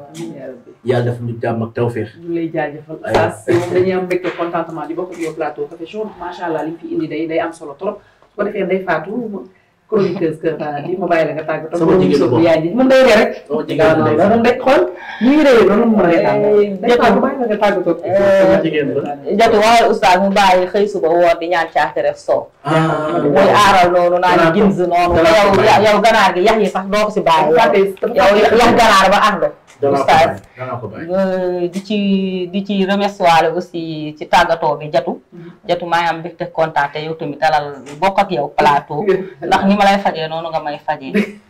yàlla def ñu jàmm ak tawféex. ñu lay jaajëfal Oustaz moom dañuy am mbégte contentement di bokk ak yow plateau Café Show macha allah li fi indi day day am solo trop su ko defee day faatu chroniqueuse Keur Ndanane bi ma bàyyi la nga tàggatoo. sama jigéen bu yaay ji moom day ree rek. sama jigéen bu day moom day xool. ñu ngi réeré noonu mu mën a tàggatoo. Eh, bu bàyyi la nga tàggatoo. Eh, sama jigéen ba. jotu waaye Oustaz mu bàyyi xëy suba woor di ñaan caaki rek soow. Ah. muy aaral noonu naan ginz noonu. yow ganaar gi yax yi sax doo ko si bàyyi. yow yax ganaar ba ànd. oustaz di ci di ci remercier aussi ci tàggatoo bi jatu mhm. jatu maa am mbégte te yow tamit dalal bokk ak yow plateau ndax ni ma lay fajee noonu nga may fajee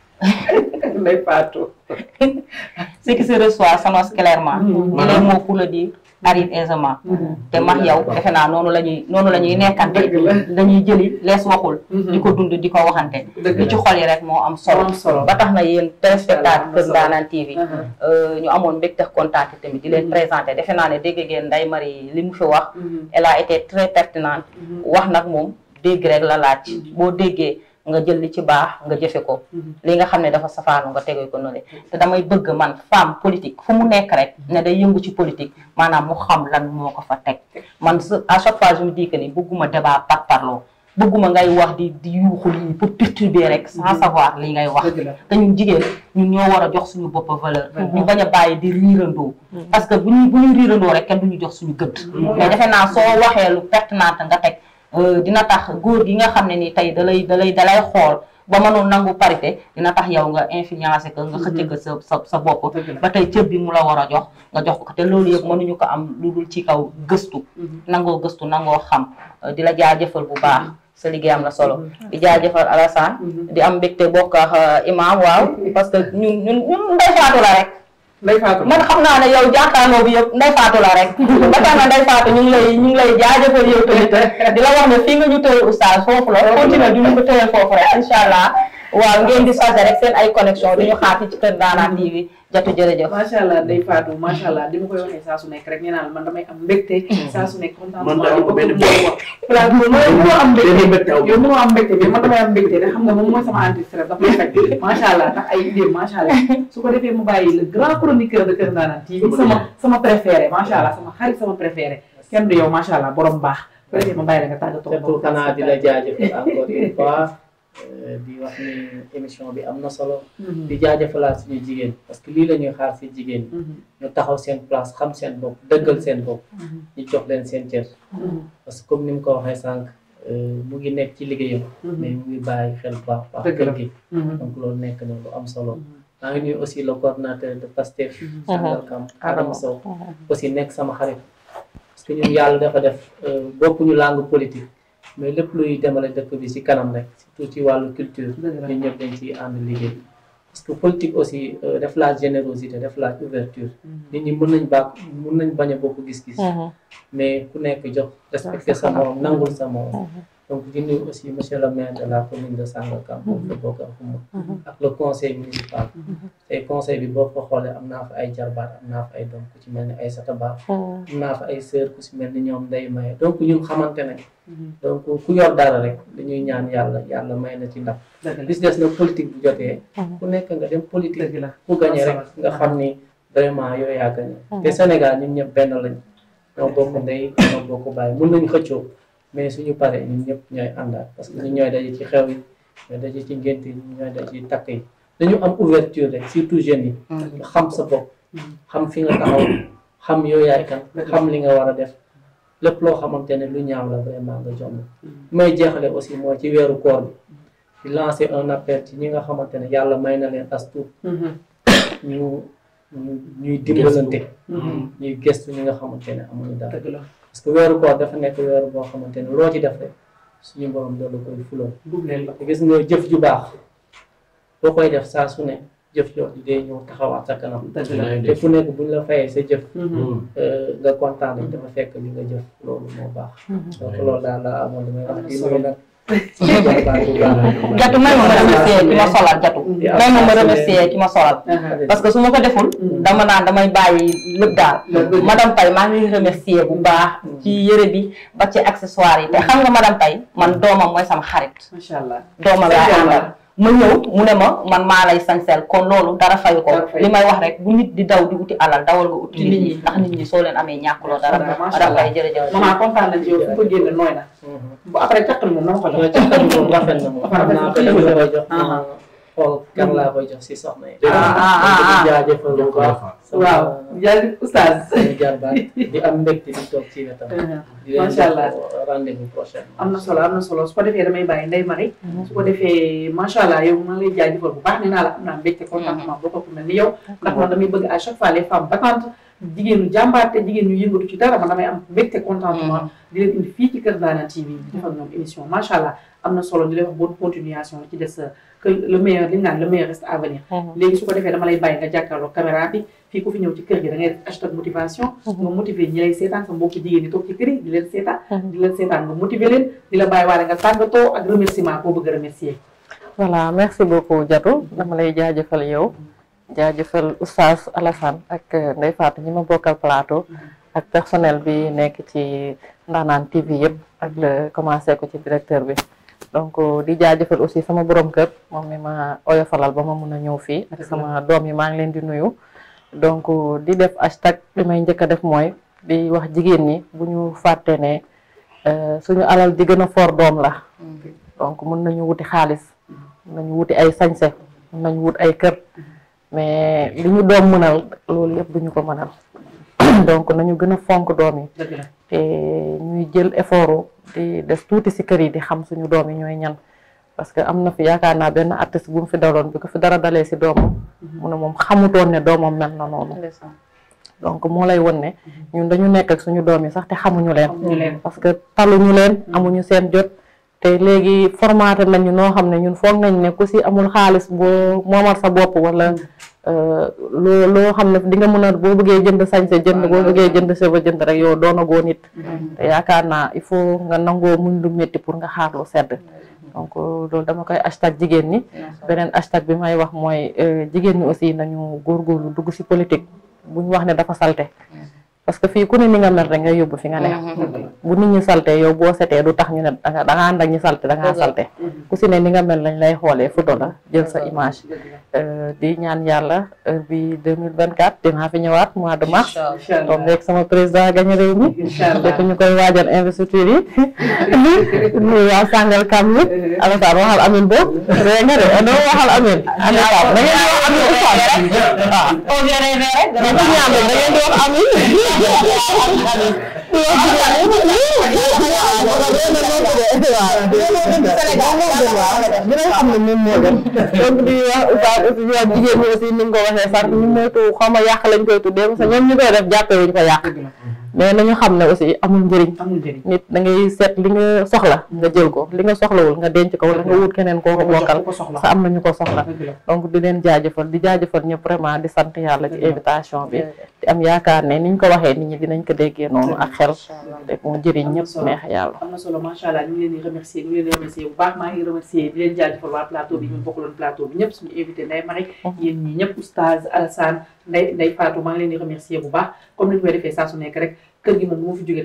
Ndeye Fatou. ce qui se reçoit s'annonce clairement. Mm-hmm. les mots pour le dire arrivent aisément. Mm-hmm. te max yow defe naa noonu la ñuy noonu la ñuy mm-hmm. nekkante. dañuy jëli lees waxul. di ko dund di ko waxante. li ci xol rek moo am solo. ba tax na yéen téléspectateurs Ndanane TV. Uh-huh. Euh, ñu amoon mbégte contact tamit di leen présenté defe naa ne dégg ngeen Ndeye Marie li mu fi wax. elle a été très pertinente. wax nag moom dégg rek la laaj boo déggee. nga jël li ci baax nga jëfe ko mhm. li nga xam ne dafa safaanu nga tege ko noonu te damay bëgg man femme politique fu mu nekk rek ne day yëngu ci politique maanaam mu xam lan moo ko fa teg man à chaque fois je ni bëgguma débat par parloo bëgguma ngay wax di di yuuxu lii pour perturber rek sa mhm. savoir li ngay wax te ñun jigéen ñu ñoo war a jox suñu bopp valeur ñu bañ a bàyyi di riirandoo mhm. parce que bu ñuy bu ñuy riirandoo rek kenn du ñu jox suñu gëdd mais defe Euh, dina tax góor gi nga xam ne ni tey dalay dalay dalay xool ba mënul nangu parité dina tax yow nga influencé que nga mm-hmm. xëcce ko sa sa sa bopp ba tey cër bi mu la war a jox nga jox ko te loolu yëpp ñu ko am lu dul ci kaw gëstu mm-hmm. nangoo gëstu nangoo xam euh, di la jaajëfal bu baax mm-hmm. sa liggéey am na solo di jaajëfal Alassane di am mbégte bokk ak euh, imaam waaw parce que ñun ñun faatu la rek Ndeye Fatou man xam naa ne yow jàkkaarloo bi yëpp Ndeye Fatou la rek ba tax na Ndeye Fatou ñu ngi ñu ngi lay jaajëfal yow tamit di wax ne fii nga ñu tëye oustaz foofu la continuer du ñu ko tëye foofu rek incha allah waaw ngeen di chargé rek seen ay connexion du ñu xaar ci Kër Ndanaan TV jatu jërëjëf macha allah day ma koy waxee saa su nekk rek nee naa la man damay am mbégte saa su nekk kontaan man daal benn moo am mbégte moo am mbégte mais man nga moom mooy sama anti-stress daf allah ko defee mu bàyyi le grand chroniqueur de sama sama préféré macha allah sama xarit sama préféré kenn du yow macha allah borom baax su ko la nga Euh, di wax ni émission bi am na solo. Mhm. di jaajëfalaat suñu jigéen parce que lii lañuy xaar si jigéen mhm. ñu taxaw seen place xam seen bopp dëggal seen bopp. Mhm. ñu jox leen seen cër. parce que comme ni mu ko waxee sànq euh, mu ngi nekk ci liggéeyam. mais mu ngi bàyyi xel bu baax baax. kër gi donc loolu nekk na lu am solo. maa ngi nuyu aussi le coordonnateur de PASTEF. Sangalkam Adama Sow aussi nekk sama xarit. parce que ñun yàlla dafa def euh, bokkuñu langue politique. mais lépp luy demale dëkk bi ci kanam rek surtout ci wàllu culture ñu ñëpp dañ ci ànd liggéey parce que politique aussi euh, def la générosité def la ouverture mm-hmm. nit ñi mën nañ baax mën nañ bañ a bokk gis-gis mm-hmm. mais ku nekk jox respecté sa morom nangul sa morom mm-hmm. donc di aussi monsieur le maire de la commune de Sangalkam foofu la bokk ak mhm. bi boo fa xoolee am naa fa ay jarbaat am naa fa ay doom ay sataba am naa ay sœur ku ci mel oh. ñoom day maye donc ñun xamante nañ mhm. donc ku yor dara rek dañuy ñaan yàlla yàlla may na ci ndam bis des na politique bu mhm. nekk nga dem politique ku gañe rek nga xam ni vraiment yow yaa gañe te Sénégal ñun ñëpp benn lañ ñoo bokk bàyyi mun nañ xëccoo mais suñu paree ñun ñëpp ñooy àndaat parce que ñun ñooy daje ci xew yi ñooy daje ci ngént yi ñooy daje ci takk yi dañu am ouverture rek surtout jeunes yi mm. xam sa bopp mm. xam fi nga taxaw xam yow yaay kan xam li nga war a def lépp loo xamante ne lu ñaaw la vraiment nga jomb mm. aussi mooy ci weeru koor bi lancé un appel ci ñi nga xamante ne yàlla may na leen as tuut mm-hmm. ñu ñuy dimbalante mm-hmm. ñuy gëstu ñi nga xamante ne amuñu dara parce que weeru koor dafa nekk weeru boo xamante ne loo ci def rek suñu borom loolu koy fuloo te gis nga jëf ju baax boo koy def saa su ne jëf jooju day ñëw taxawaat sa kanam te fu nekk buñ la fayee sa jëf mm-hmm. euh, nga kontaan dafa fekk li nga jëf loolu moo baax mm-hmm. donc loolu daal la amoon damay wax jatu may ma a remercier ki ma solal jatu may ma ma remercier ki ma solal mm-hmm. uh-huh, parce que su ma ko deful mm-hmm. dama naan damay bàyyi lépp daal madame Paye maa ngi remercier bu baax mm-hmm. ci yëre bi ba ci accessoire yi te xam nga madame Paye man doomam mooy sama xarit doomam laa àndal ma ñëw mu ne ma man maa lay sañseel kon loolu dara fayu ko li may wax rek bu nit di daw di uti alal dawal nga uti nit ñi ndax nit ñi soo leen amee ñàkkuloo dara dara fay jërëjëf maman kontaan nañ ci yow ma mm-hmm. ko jox càqal moom xool kan laa koy mm. jox si soxna yi. Ah, ah, ah, jaajëfal bu baax waaw jaajëf oustaz. di am mbégte di toog ci wetam. macha allah di leen rendez-vous prochain. am na solo am na solo su ko defee damay bàyyi Ndeye Marie. Mm-hmm. su ko defee macha yow maa ngi lay baax nee naa la am naa mbégte contentement boo a mel ni yow. ndax man damay bëgg à chaque fois les femmes battantes. te jigéen ñu yëngatu ci dara man damay am mbégte contentement mm-hmm. di leen indi fii ci Kër Ndanane TV di defal ñoom émission macha am na solo di leen wax bonne ci des. que le meilleur li ñu naan le meilleur reste à venir. Mhm. léegi su ko defee dama lay bàyyi nga jàkkaarloo caméra bi fii ku fi ñëw ci kër gi da ngay def hashtag motivation. Mhm. nga motiver ñi lay seetaan sa mhm. nga motiver leen di la bàyyi waale nga tàggatoo ak remerciement koo bëgg a remercier. voilà merci beaucoup Diatou dama lay jaajëfal yow. jaajëfal oustaz Alassane ak euh, Ndeye Fatou ñi ma bokkal plateau. ak personnel bi nekk ci Ndanane TV yëpp ak commencé ko ci directeur bi. donc di jaajëfal aussi sama borom kër moom mi ma oyofalal ba ma mun a ñëw fii ak sama doom yi maa ngi leen di nuyu donc di def hashtag li may njëkk a def mooy di wax jigéen ñi bu ñu fàttee ne euh, suñu alal di gën a for doom la donc mun nañu wuti xaalis mun nañu wuti ay sañse mun nañu wut ay kër mhm. mais li ñu doom mënal loolu yëpp ñu ko mënal donc nañu gën a fonk doom yi te ñuy jël effort di des tuuti si kër yi di xam suñu doom yi ñooy ñan parce que am na fi yaakaar naa benn artiste bu mu fi daloon bi ko fi dara dalee si doomam mm-hmm. mu ne moom xamutoon ne doomam mel na noonu donc moo lay won ne mm-hmm. ñun dañu nekk ak suñu doom yi sax te xamuñu leen parce que taluñu leen mm-hmm. amuñu seen jot te léegi formaté nañu noo xam ne ñun foog nañ ne ku si amul xaalis boo moomal sa bopp wala Euh, loo loo xam ne di nga mën a boo bëggee jënd sañse jënd boo bëggee jënd seba jënd rek yow doonagoo nit mm-hmm. te yaakaar naa il faut nga nangoo muñ lu métti pour nga xaar lu sedd donc euh, loolu dama koy hashtag jigéen ñi beneen hashtag bi may wax mooy euh, jigéen ñi aussi nañu góorgóorlu dugg si politique buñ wax ne dafa salte parce que fii ku ne ni nga mel rek nga yóbbu fi nga neex mm-hmm. Mm-hmm. bu nit ñi saltee yow boo setee du tax ñu ne da nga ànd ak ñu salte da ngaa salte mm-hmm. ku si ne lay xoolee photo la jël sa euh, di ñaan yàlla bi deux mille vingt fi ñëwaat mois de mars président gañ réew ñu koy waajal investiture yi ñu waa sàngal kam am na moom moo dem donc di wax oustaz aussi ñu nga ma yàq lañ koy tuddee parce que ñoom ñu koy def jàppee wuñ ko yàq mais nañu xam ne aussi amul njëriñ nit da ngay seet li nga soxla nga jël ko li nga soxlawul nga denc ko wala nga wut keneen koo ko bokkal sa am na ñu ko soxla donc di leen jaajëfal di jaajëfal ñëpp vraiment di sant yàlla ci invitation bi am yaakaar ne ñu ko waxee nit ñi dinañ ko déggee noonu ak xel te mu jëriñ ñëpp neex yàlla am na solo macha allah maa ngi remercier di leen jaajëfal ñëpp suñu invité Ndeye Marie mm-hmm. yéen ñi bu baax comme ni ñu koy nekk rek kër gi moom moo fi jógee gi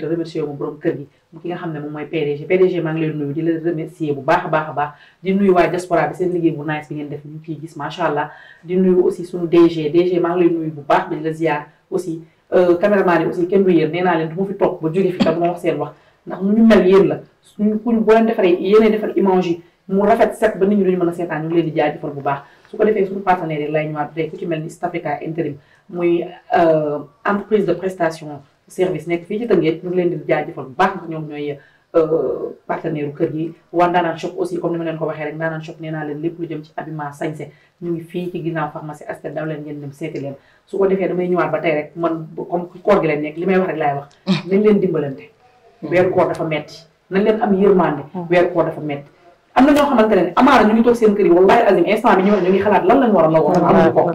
ki nga xam ne moom mooy PDG PDG maa ngi nuyu leen remercier bu baax baax baax di nuyu waa diaspora bi seen liggéey bu nice bi ngeen def ñu ngi gis macha allah di nuyu aussi suñu DG DG maa ngi nuyu bu baax di la ziar aussi euh, caméraman yi aussi kenn du yéen nee naa leen du ma fi toog ba jóge fi tam ma wax seen wax ndax nu ñu mel yéen la suñu kuñ boo leen defaree yéenee defar image mu rafet set ba nit ñi duñu mën a seetaan ñu ngi leen di jaajëfal bu baax su ko defee suñu partenaire yi lay ñëwaat tey ku ci mel ni Stafrica Interim muy euh, entreprise de prestation service nekk fii ci Tëngéej ñu ngi leen di jaajëfal bu baax ndax ñoom ñooy Euh, partenaire u kër gi waa Ndaanaan shop aussi comme ni ma leen ko waxee rek Ndaanaan shop nee leen lépp lu ci abima sañse ñu ngi fii ci ginnaaw pharmacie aspect daw mm. dimbalante mm. weeru koor dafa metti nañ leen am yërmande mm. weeru koor dafa metti am na ñoo xamante ne amaana ñu ngi toog seen kër yi wallahi azim instant bi ñu ngi xalaat lan lañ war a la woon amuñu ko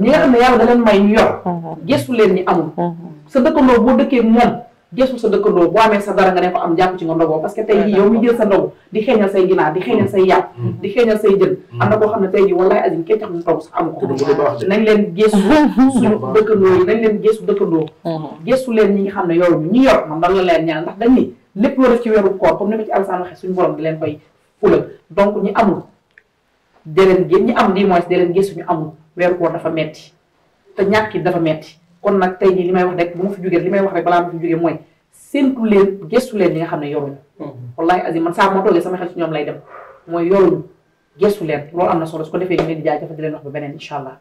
ñi xam ne yàlla da may yor mm-hmm. gestu leen ñi amul mm-hmm. sa dëkkandoo boo dëkkee moom geesul sa dëkkandoo boo amee sa dara nga ne ko am jàpp ci nga ndogoo parce que tey jii yow mi jël sa ndogu di xeeñal say ginaar di xeeñal say yàpp mm-hmm. mm-hmm. am na koo xam ne tey ji wallaay azim kenn tax ñu togg sax nañ leen geesu suñu dëkkandoo yi nañ leen mm-hmm. geesu leen ñi nga xam ne yow ñu yor man dal la leen ñaan ndax dañ ni lépp loo def ci weeru koor comme ni ma ci Alassane waxee suñu borom di leen koy fulal donc ñi amul deleen gé ñi am di moins deleen geesu ñu amul weeru koor dafa metti te ñàkk dafa metti kon nag tey jii li may wax rek bu ma fi jógee li may wax rek balaa ma fi jógee mooy séntu leen gestu leen ñi nga xam ne yoruñu mm-hmm. wallahi azim man saa moo toogee sama xel ci ñoom lay dem mooy yoruñu gëstu leen loolu am na solo su ko defee ñu leen di jaajëfal di leen wax ba beneen incha allah